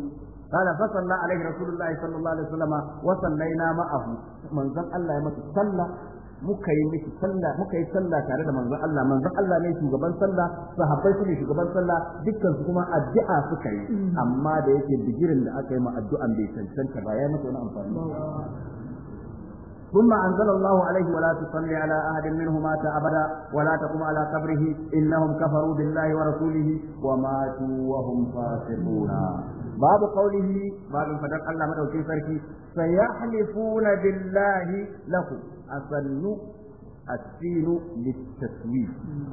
قال فصلى عليه رسول الله صلى الله عليه وسلم وصلينا معه من زن الله يمت صلى muka yi miki sallah muka yi sallah tare da manzon Allah manzon Allah ne shugaban sallah sahabbai su ne shugaban sallah dukkan kuma addu'a suka yi mm. amma da yake digirin da aka yi ma addu'an bai cancanta ba ya wani amfani ثم أنزل الله عليه ولا تصلي على أحد منه مات أبدا ولا تقم على قبره إنهم كفروا بالله ورسوله وماتوا وهم فاسقون باب قوله باب فدق الله مدوكي سركي سيحلفون بالله لكم أصلوا السين للتسويف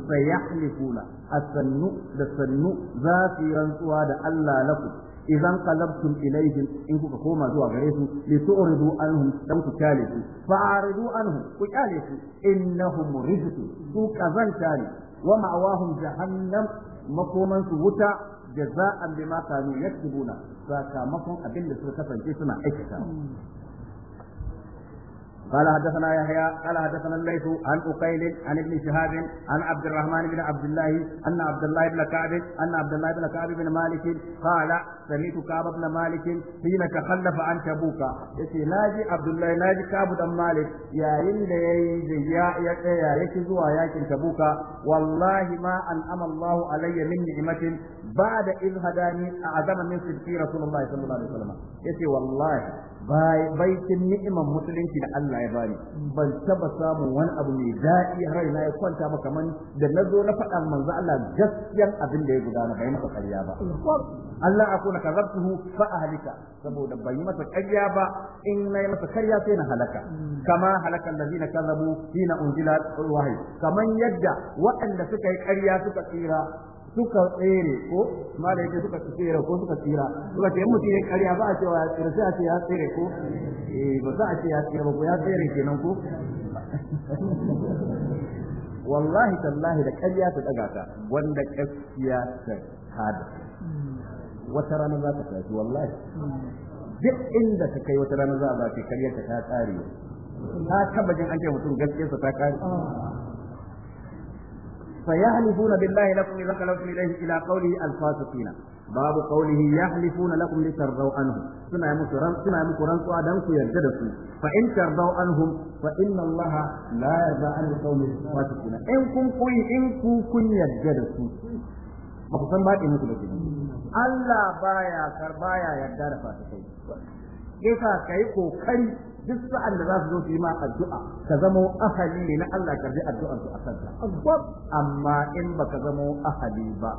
سيحلفون السن للسن ذات ينسوا هذا الله لكم idan qalabtum ilayhim in kuka koma zuwa gare su li tu'ridu anhum dan ku kyale su fa'ridu anhum ku kyale su innahum rijsun su kazanta ne wa ma'awahum jahannam makoman su wuta jaza'an bima kanu yaktubuna sakamakon abin da suka kasance suna aikata قال حدثنا يحيى قال حدثنا الليث عن أقيل عن ابن شهاب عن عبد الرحمن بن عبد الله أن عبد الله بن كعب أن عبد الله بن كعب بن مالك قال سمعت كعب بن مالك حين تخلف عن تبوك يتي ناجي عبد الله ناجي كعب بن مالك يا إن يا يا يا يا تبوك والله ما أنعم الله علي من نعمة بعد إذ هداني أعظم من صدقي رسول الله صلى الله عليه وسلم يتي والله baitin ni'imar musulunci da Allah ya bani ban taba samun wani abu mai daɗi raina ya kwanta ba kaman da na zo na faɗa manzo Allah gaskiyar abin da ya gudana bai masa karya ba Allah aku na kazabtuhu fa ahlika saboda bai masa ƙarya ba in nayi masa karya sai na halaka kama halaka allazina kazabu hina unzila wahyi kaman yadda waɗanda suka yi ƙarya suka tsira suka tsere ko mala yake suka tsere ko suka tsira suka ce mutum ya karya ba a cewa ya tsere sai a ce ya tsere ko eh, ba za a ce ya tsere ba ko ya tsere kenan ko wallahi tallahi da karya ta daga ta wanda gaskiya ta hada wata rana za ta tafi wallahi duk inda ta kai wata rana za a ba ta karya ta ta tsare ta taba jin an ce mutum gaskiyarsa ta kare فيحلفون بالله لكم إذا خلوتم إليه إلى قوله الفاسقين باب قوله يحلفون لكم لترضوا عنهم سنة مكران سنة مكران سؤادا يجدسوا فإن ترضوا عنهم فإن الله لا يرضى عن القوم الفاسقين إن كن كن إن كن كن يجدسوا مقصد بعد إن كن الله بايا كربايا يجدر فاسقين كيف كيكو كريم duk sa'an da za su zo su yi ma addu'a ka zamo ahali ne na Allah ka ji addu'ar su a kanta amma in baka zamo ahali ba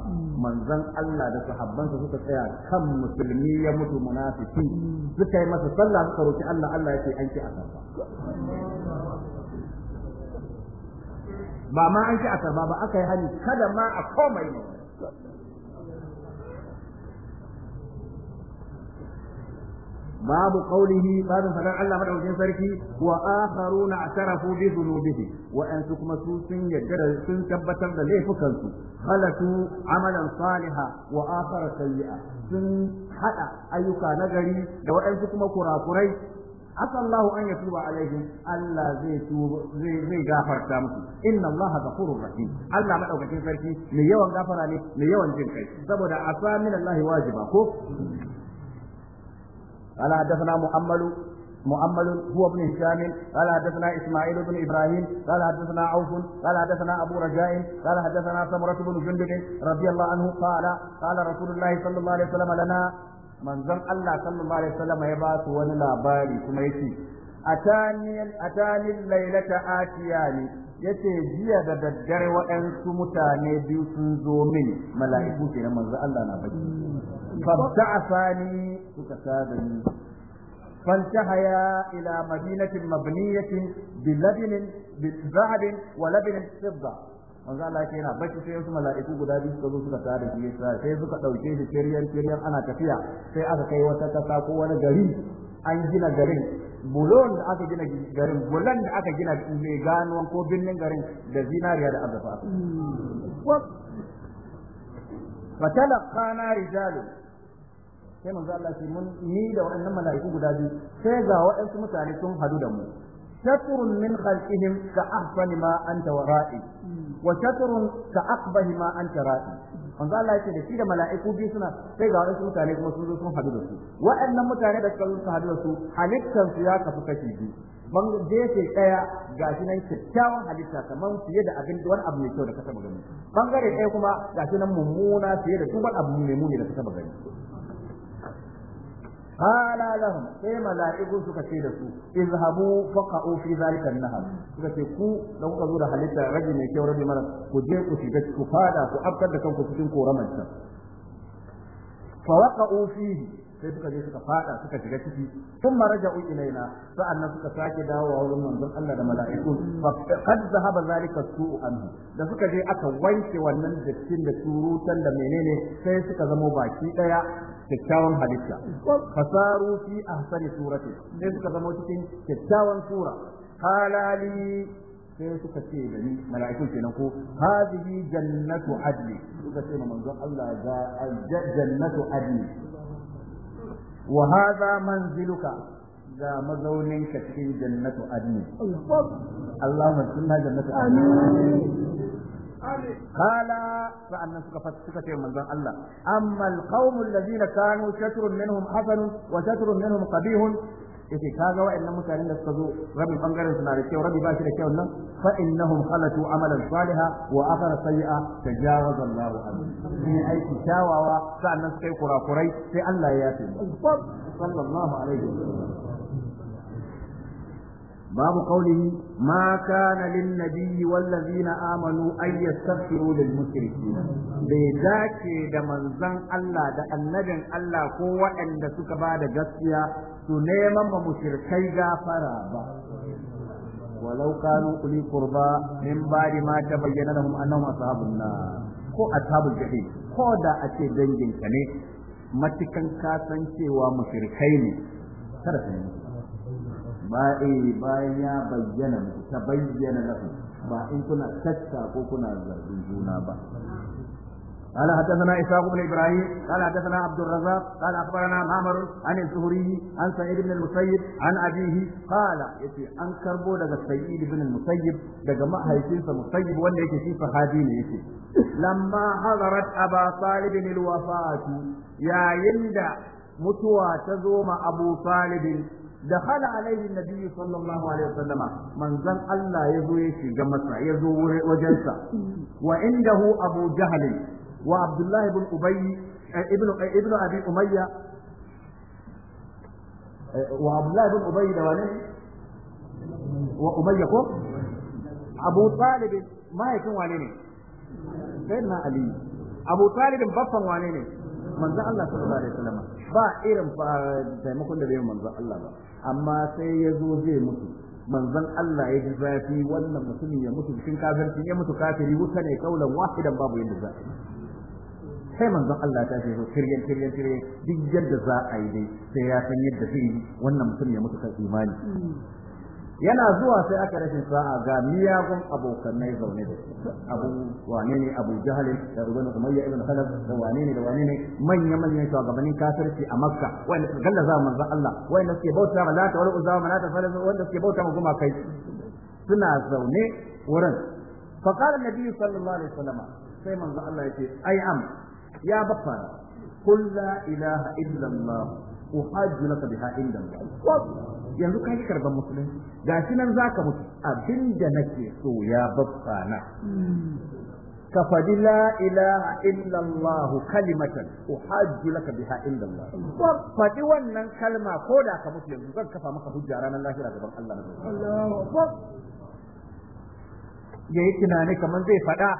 manzon Allah da sahabbansa suka tsaya kan musulmi ya mutu munafiki suka yi masa sallah suka roki Allah Allah yake an ki a ba ma an ki a ba aka yi hali kada ma a komai ne babu qaulihi babu fadar Allah madaukakin sarki wa akharuna atarafu bi dhunubihim wa an kuma su sun yadda sun tabbatar da laifukansu, su khalatu amalan saliha wa akhara sun haɗa ayyuka nagari da waɗansu kuma kurakurai asa Allah an ya tuba Allah zai gafarta musu inna Allah ghafurur rahim Allah madaukakin sarki mai yawan gafara ne mai yawan jin kai saboda asa min wajiba ko قال حدثنا محمد مؤمل هو ابن هشام قال حدثنا اسماعيل بن ابراهيم قال حدثنا عوف قال حدثنا ابو رجاء قال حدثنا سمره بن جندب رضي الله عنه قال قال رسول الله صلى الله عليه وسلم لنا manzon Allah sallallahu alaihi wasallam ya basu wani labari kuma yace atani atani lailata atiyani yace jiya da daddare waɗansu mutane biyu sun zo min mala'iku kenan manzon Allah na baki fabta'asani suka sada ni فانتهيا إلى مدينة مبنية zahabin wa ولبن فضة manzo Allah yake yana bacci sai wasu mala'iku guda biyu suka zo suka tare shi sai suka dauke shi tiryan tiryan ana tafiya sai aka kai wata kasa ko wani gari an gina garin bulon da aka gina garin bulon da aka gina mai ganuwan ko birnin garin da zinariya da azurfa fatalaqana rijalun sai manzo Allah ce mun ni da waɗannan mala'iku guda biyu sai ga waɗansu mutane sun hadu da mu شطر من خلقهم كأحسن ما أنت ورائي وشطر كأقبه ما أنت رائي manzo Allah yake da shi da mala'iku biyu suna sai ga wasu mutane kuma sun zo hadu da su waɗannan mutane da suka zo hadu da su halittar ya kafu kashi biyu ban ɗaya daya gashi nan kyakkyawan halitta kamar fiye da abin wani abu mai kyau da ka gani bangare ɗaya kuma gashi nan mummuna fiye da abu mai muni da ka gani قال لهم sai mala'iku suka ce da su izhabu faqa'u fi zalika an-nahar suka ce ku da kuka zo da halitta rage mai kyau rage mara ku je ku shiga ku fada ku afkar da kanku cikin koramar ta fa waqa'u fihi sai suka je suka fada suka shiga ciki kun maraja'u ilaina sa'annan suka sake dawowa wurin manzon Allah da mala'iku qad zahaba zalika su'u anhu da suka je aka wanke wannan dattin da surutan da menene sai suka zama baki daya kyakkyawan halitta fasaru fi ahsani surati sai suka zama cikin kyakkyawan sura halali sai suka ce da ni mala'ikun kenan ko hadhihi jannatu adli suka ce manzon Allah ga jannatu adli wa hadha manziluka ga mazauninka cikin jannatu adni ce manzon Allah amma alqaumul ladina kanu shatrun minhum hasanun wa shatrun minhum yace ga wa'annan mutanen da suka zo rabi bangaren suna da kyau rabi ba shi da kyau nan fa innahum khalatu amalan saliha wa akhara sayyi'a tajawaza Allahu anhu sun aiki kyawawa sa'annan suka yi kurakurai sai Allah ya yafe sallallahu alaihi باب قوله ما كان للنبي والذين آمنوا أن يستغفروا للمشركين بذاك da manzon Allah da annabin Allah ko waɗanda suka ba da gaskiya su neman ma mushrikai gafara ba walau kanu uli qurba min ba'di ma tabayyana lahum annahum ashabun nar ko ashabul jahim ko da a dangin ka ne matukan kasancewa mushrikai ne kada ka bayan ya bayyana muku ta bayyana lafi ba in kuna tatta ko kuna zargin juna ba قال حدثنا إسحاق بن إبراهيم قال حدثنا عبد الرزاق قال أخبرنا معمر عن الزهري عن سعيد بن المسيب عن أبيه قال يتي أن كربو لدى سعيد بن المسيب لدى ما هيسيس مسيب ولا يتي يتي لما حضرت أبا طالب الوفاة يا يندى متوى تزوم أبو طالب دخل عليه النبي صلى الله عليه وسلم من زن الله يزو يشيغ مسا يزو وجنسا وعنده أبو جهل وعبد الله بن أبي ابن ابن أبي أمية وعبد الله بن أبي دواني وأمية أبو طالب ما يكون وانيني سيدنا علي أبو طالب بطن وانيني manzo Allah sallallahu alaihi wasallam ba irin taimakon da bai manzo Allah ba amma sai ya zo zai mutu manzon Allah ya ji zafi wannan mutumin ya mutu cikin kafirci ya mutu kafiri wuta ne kaulan wahidan babu yadda za a sai manzon Allah ta ce kiryan kiryan kiryan duk yadda za a yi dai sai ya san yadda zai yi wannan mutum ya mutu kan imani yana zuwa sai aka rashin sa'a ga miyagun abokanai zaune da su abu wane ne abu jahalin da ruban umayya ibn khalaf da wane ne da wane ne manya manyan shugabannin kafirci a makka wanda suka gallaza manzon Allah wanda suke bauta ma lata wal uzza ma lata falaz wanda suke bauta ma guma kai suna zaune wurin fa qala annabi sallallahu alaihi wasallam sai manzon Allah yake ai am ya baffa qul la ilaha illa allah uhajju laka biha inda allah yanzu ka yi karban musulunci ga shi nan za ka mutu abinda nake so ya babba na ka faɗi la ilaha illallah kalimatan uhajju laka biha illallah ko faɗi wannan kalma ko da ka mutu yanzu zan kafa maka hujja ranar lahira gaban Allah na Allahu akbar yayi tunani kamar zai faɗa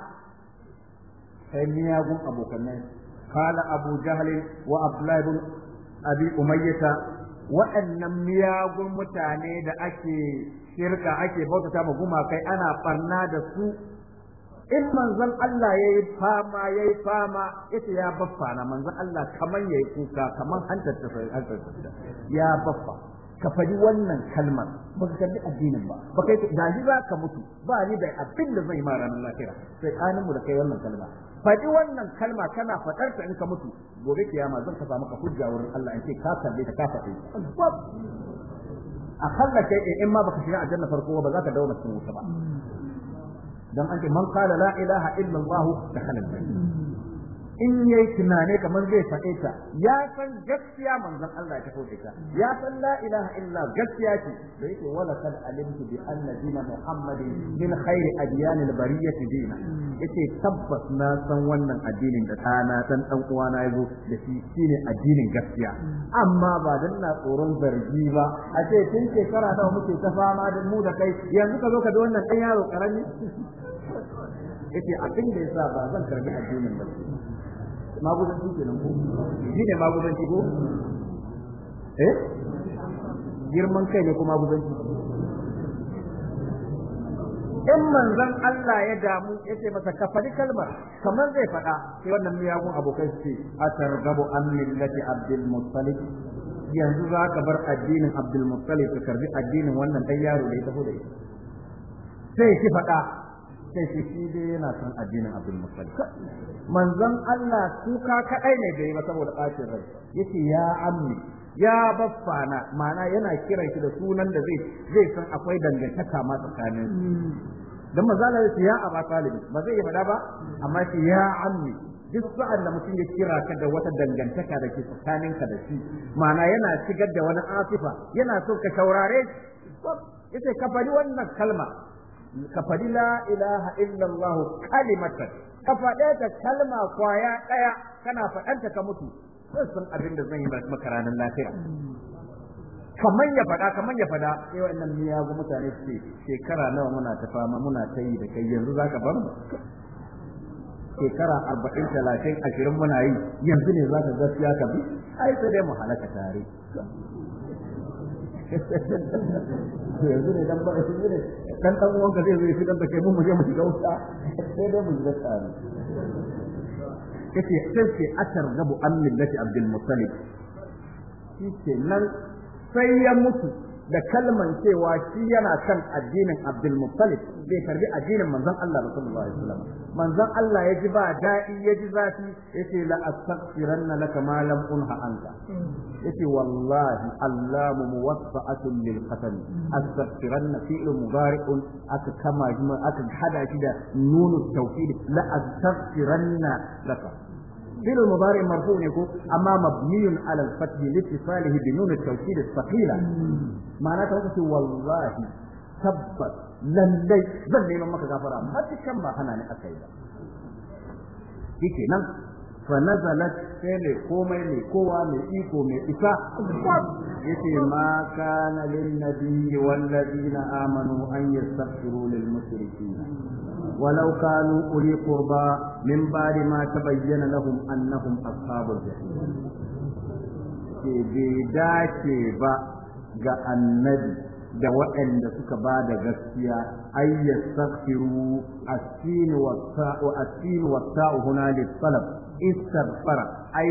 sai miyagun abokan nan قال أبو جهل wa Abdullahi waɗannan miyagun mutane da ake shirka ake bautata ma gumakai ana farna da su in manzon Allah ya yi fama ya yi fama ita ya baffa na manzon Allah kaman ya yi kuka kaman hantar ta ya baffa ka faɗi wannan kalmar ba ka kalli addinin ba ba kai da shi za ka mutu ba ni da abin da zai ma ranar lafiya sai kanin mu da kai wannan kalma faɗi wannan kalma kana faɗar ta in ka mutu gobe kiyama zan ka samu ka hujja wurin Allah in ce ka kalle ta ka faɗi kai in ma baka shiga aljanna farko ba za ka dawo cikin wuta ba dan an ce man qala la ilaha illa Allah dakhala al-jannah in ya yi tunani kamar zai faɗe ta ya san gaskiya manzon Allah ya tafi ta ya san la ilaha illa gaskiya ce da yake wala kad alimtu bi anna dina muhammadin min khairi adyan al bariyati dina yace tabbas na san wannan addinin da na san dan na yazo da shi shine addinin gaskiya amma ba dan na tsoron zargi ba a ce tun shekara nawa muke ta fama da mu da kai yanzu ka zo ka da wannan ɗan yaro karami yace abin da yasa ba zan karbi addinin ba magudanci magudanci ko eh girman kai ne ko magudanci in manzon Allah ya damu ya ce masa ka faɗi kalmar kamar zai faɗa sai wannan miyagun abokai su ce a targabu an millati abdul muttalib yanzu za ka bar addinin abdul muttalib ka karbi addinin wannan dan yaro da ya taho da shi sai ki faɗa sai shi shi dai yana son addinin abin musalli manzon Allah kuka kadai ne bai ba saboda bacin rai yace ya ammi ya baffana ma'ana yana kiran shi da sunan da zai zai san akwai dangantaka ma tsakanin dan manzon Allah yace ya aba talibi ba zai yi ba amma shi ya ammi duk sa'an da mutum ya kira ka da wata dangantaka da ke tsakaninka da shi mana yana shigar da wani asifa yana so ka shaurare shi yace ka faɗi wannan kalma ka faɗi la ilaha illallah kalimatan ka faɗe ta kalma kwaya ɗaya kana faɗanta ka mutu zan san abin da zan yi maka ranar lafiya kamar ya faɗa kamar ya faɗa sai ya ga mutane ce shekara nawa muna ta fama muna ta yi da kai yanzu zaka bar mu shekara arba'in talatin ashirin muna yi yanzu ne zaka gaskiya ka bi ai sai dai mu halaka tare yanzu ne dan ba shi ne dan dan ka zai zo fitar da kai mun mu je mu shiga wuta sai dai mu shiga tsari kace sai ce atar gabu an millati abdul muttalib shi nan sai ya mutu da kalman cewa shi yana kan addinin Abdul Muttalib bai karbi addinin manzon Allah sallallahu alaihi wasallam manzon Allah ya ji ba daɗi ya ji zafi yace la astaghfiranna laka ma lam unha anka yace wallahi Allah mu muwaffa'atun lil qatl astaghfiranna fi'l mudari'un aka kama aka hada shi da nunu tawkid la astaghfiranna laka فعل المضارع مرفوع يكون أما مبني على الفتح لاتصاله بنون التوكيد الثقيلة معناته وقت والله تبت للي بل نيمان مكة غفرة ما تكمل حناني أكيدا shikenan fa nazalat sai mai komai mai kowa mai iko mai isa yace ma kana lin nabiyyi wal ladina amanu an yastaghfiru lil mushrikeena ولو كانوا أولي قربى من بعد ما تبين لهم أنهم أصحاب الجحيم بيداتي با ga annabi da waɗanda suka ba da gaskiya ay yastaghfiru as-sin wa sa'u as-sin huna lis-salab istaghfara ay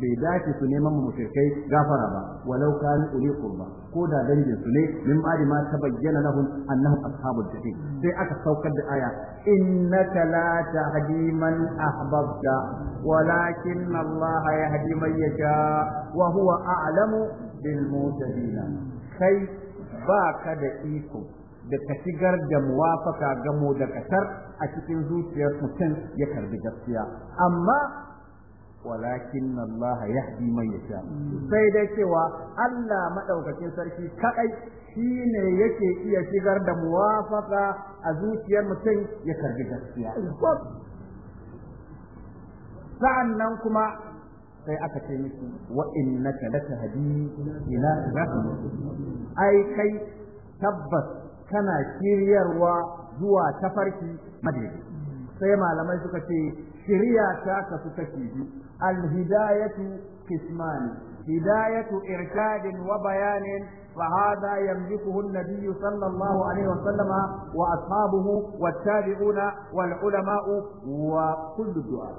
bai dace su neman mu mushrikai gafara ba walau kan uli qurba ko da dangin su ne min ba'di ma bayyana lahum annahum ashabul jahim sai aka saukar da aya innaka la tahdi man ahbabta walakin Allah yahdi man yasha wa huwa a'lamu bil muhtadin kai ka da iko da ka shigar da muwafaka gamo da kasar a cikin zuciyar mutum ya karbi gaskiya amma walakin Allah ya yahdi man yasha sai dai cewa Allah madaukakin sarki kadai shine yake iya shigar da muwafaka a zuciyar mutum ya karbi gaskiya sa'annan kuma sai aka ce miki wa innaka latahdi ila ai kai tabbas kana shiryarwa zuwa tafarki madaidai sai malamai suka ce shirya ta kasu ta biyu الهداية قسمان هداية إرشاد وبيان فهذا يملكه النبي صلى الله عليه وسلم وأصحابه والتابعون والعلماء وكل الدعاء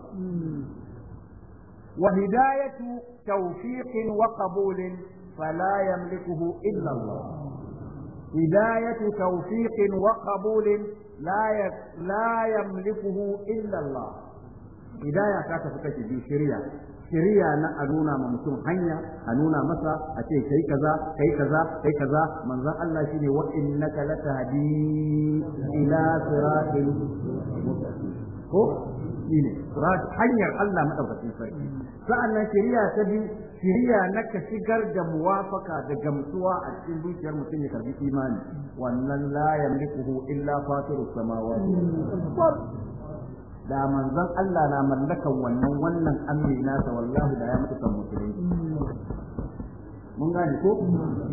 وهداية توفيق وقبول فلا يملكه إلا الله هداية توفيق وقبول لا لا يملكه إلا الله hidaya ta tafi kake bi shirya shirya na a nuna ma mutum hanya a nuna masa a ce kai kaza kai kaza kai kaza manzon Allah shine wa innaka latahdi ila siratin ko shine hanyar Allah madaukakin sarki sa'annan shirya ta bi shirya na ka shigar da muwafaka da gamsuwa a cikin zuciyar mutum ya karbi imani wannan la yamlikuhu illa fatiru samawati da manzon Allah na mallakan wannan wannan Amina sa wallahi da ya mutum musulunci mun gane ko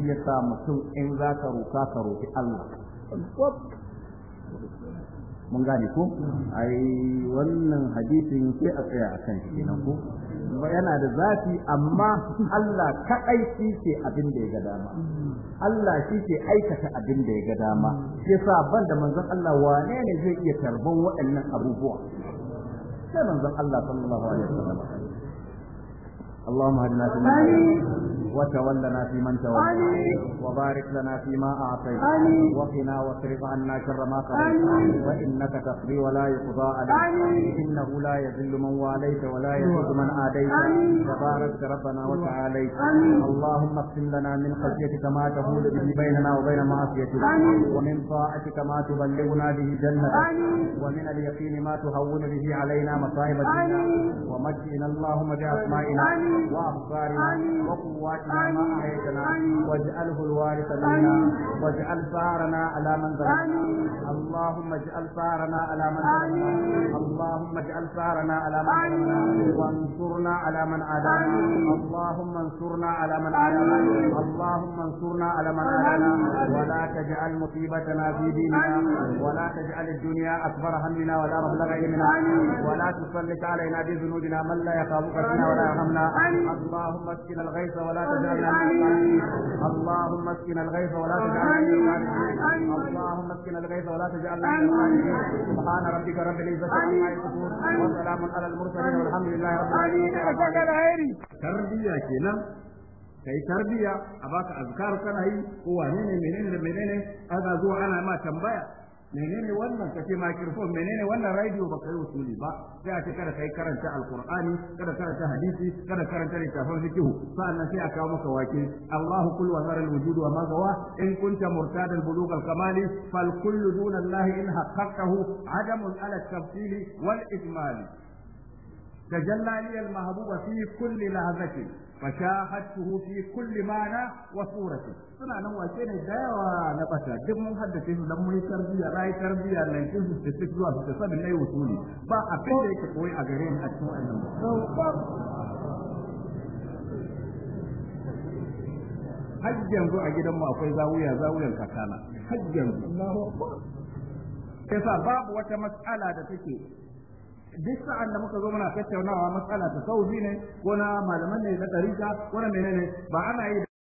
ya sa mutum in za ka roka ka roki Allah mun gane ko ai wannan hadisin sai a tsaya akan shi kenan ko yana da zafi amma Allah kaɗai shi ke abin da ya ga dama Allah shi ke aikata abin da ya ga dama shi sa ban da manzon Allah wane ne zai iya tarban waɗannan abubuwa sai manzon Allah sallallahu alaihi wasallam اللهم هدنا فيمن وتولنا في من تولى وبارك لنا فيما أعطيت وقنا واصرف عنا شر ما قضيت وإنك تقضي ولا يقضى عليك إنه لا يذل من واليت ولا يذل من آديت تبارك ربنا وتعاليت اللهم اقسم لنا من خشيتك ما تهول به بيننا وبين معصيتك ومن طاعتك ما تبلغنا به جنتك ومن اليقين ما تهون به علينا مصائب الدنيا ومجئنا اللهم بأسمائنا وأبصارنا وقواتنا وارثنا ما أحيتنا واجعله الوارث منا واجعل ثارنا على من ظلمنا اللهم اجعل ثارنا على من ظلمنا اللهم اجعل ثارنا على من ظلمنا وانصرنا على من عادانا اللهم انصرنا على من عادانا اللهم انصرنا على من عادانا ولا تجعل مصيبتنا في ديننا ولا تجعل الدنيا أكبر همنا ولا مبلغ علمنا ولا تسلط علينا بذنوبنا من لا يخافك فينا ولا يرحمنا اللهم اسقنا الغيث ولا اللهم اسقنا الغيث ولا تجعلنا اللهم اسقنا الغيث ولا تجعلنا سبحان ربك رب العزة عما يصفون وسلام على المرسلين والحمد لله رب العالمين تربية كنا kai tarbiya a baka azkar kana yi ko wane ne menene menene ana zuwa ana ma tambaya menene wannan kace microphone menene wannan radio baka yi usuli ba sai a ce kada kai karanta alqur'ani kada karanta hadisi kada karanta littafin fiqh sa'annan sai a kawo maka wake Allahu kul wa zara wa ma gawa in kunta murtadan bulugh al-kamali fal kullu duna Allah in haqqaqahu adamun ala at-tafsil wal ijmal تجلى لي المحبوب في كل لحظة fashahatuhu fi kulli mana wa surati suna nan wace ne da yawa na bata duk mun haddace su dan mun tarbiya rai tarbiya 1966 zuwa 67 ne usuli ba a fita yake koyi a gare ni a cikin wannan har yanzu a gidanmu akwai zawuya zawuyan kakana har yanzu yasa babu wata mas'ala da take duk sa'an da muka zo muna tattaunawa matsala ta sauzi ne ko na malaman ne na ɗarika ko na menene ba ana yi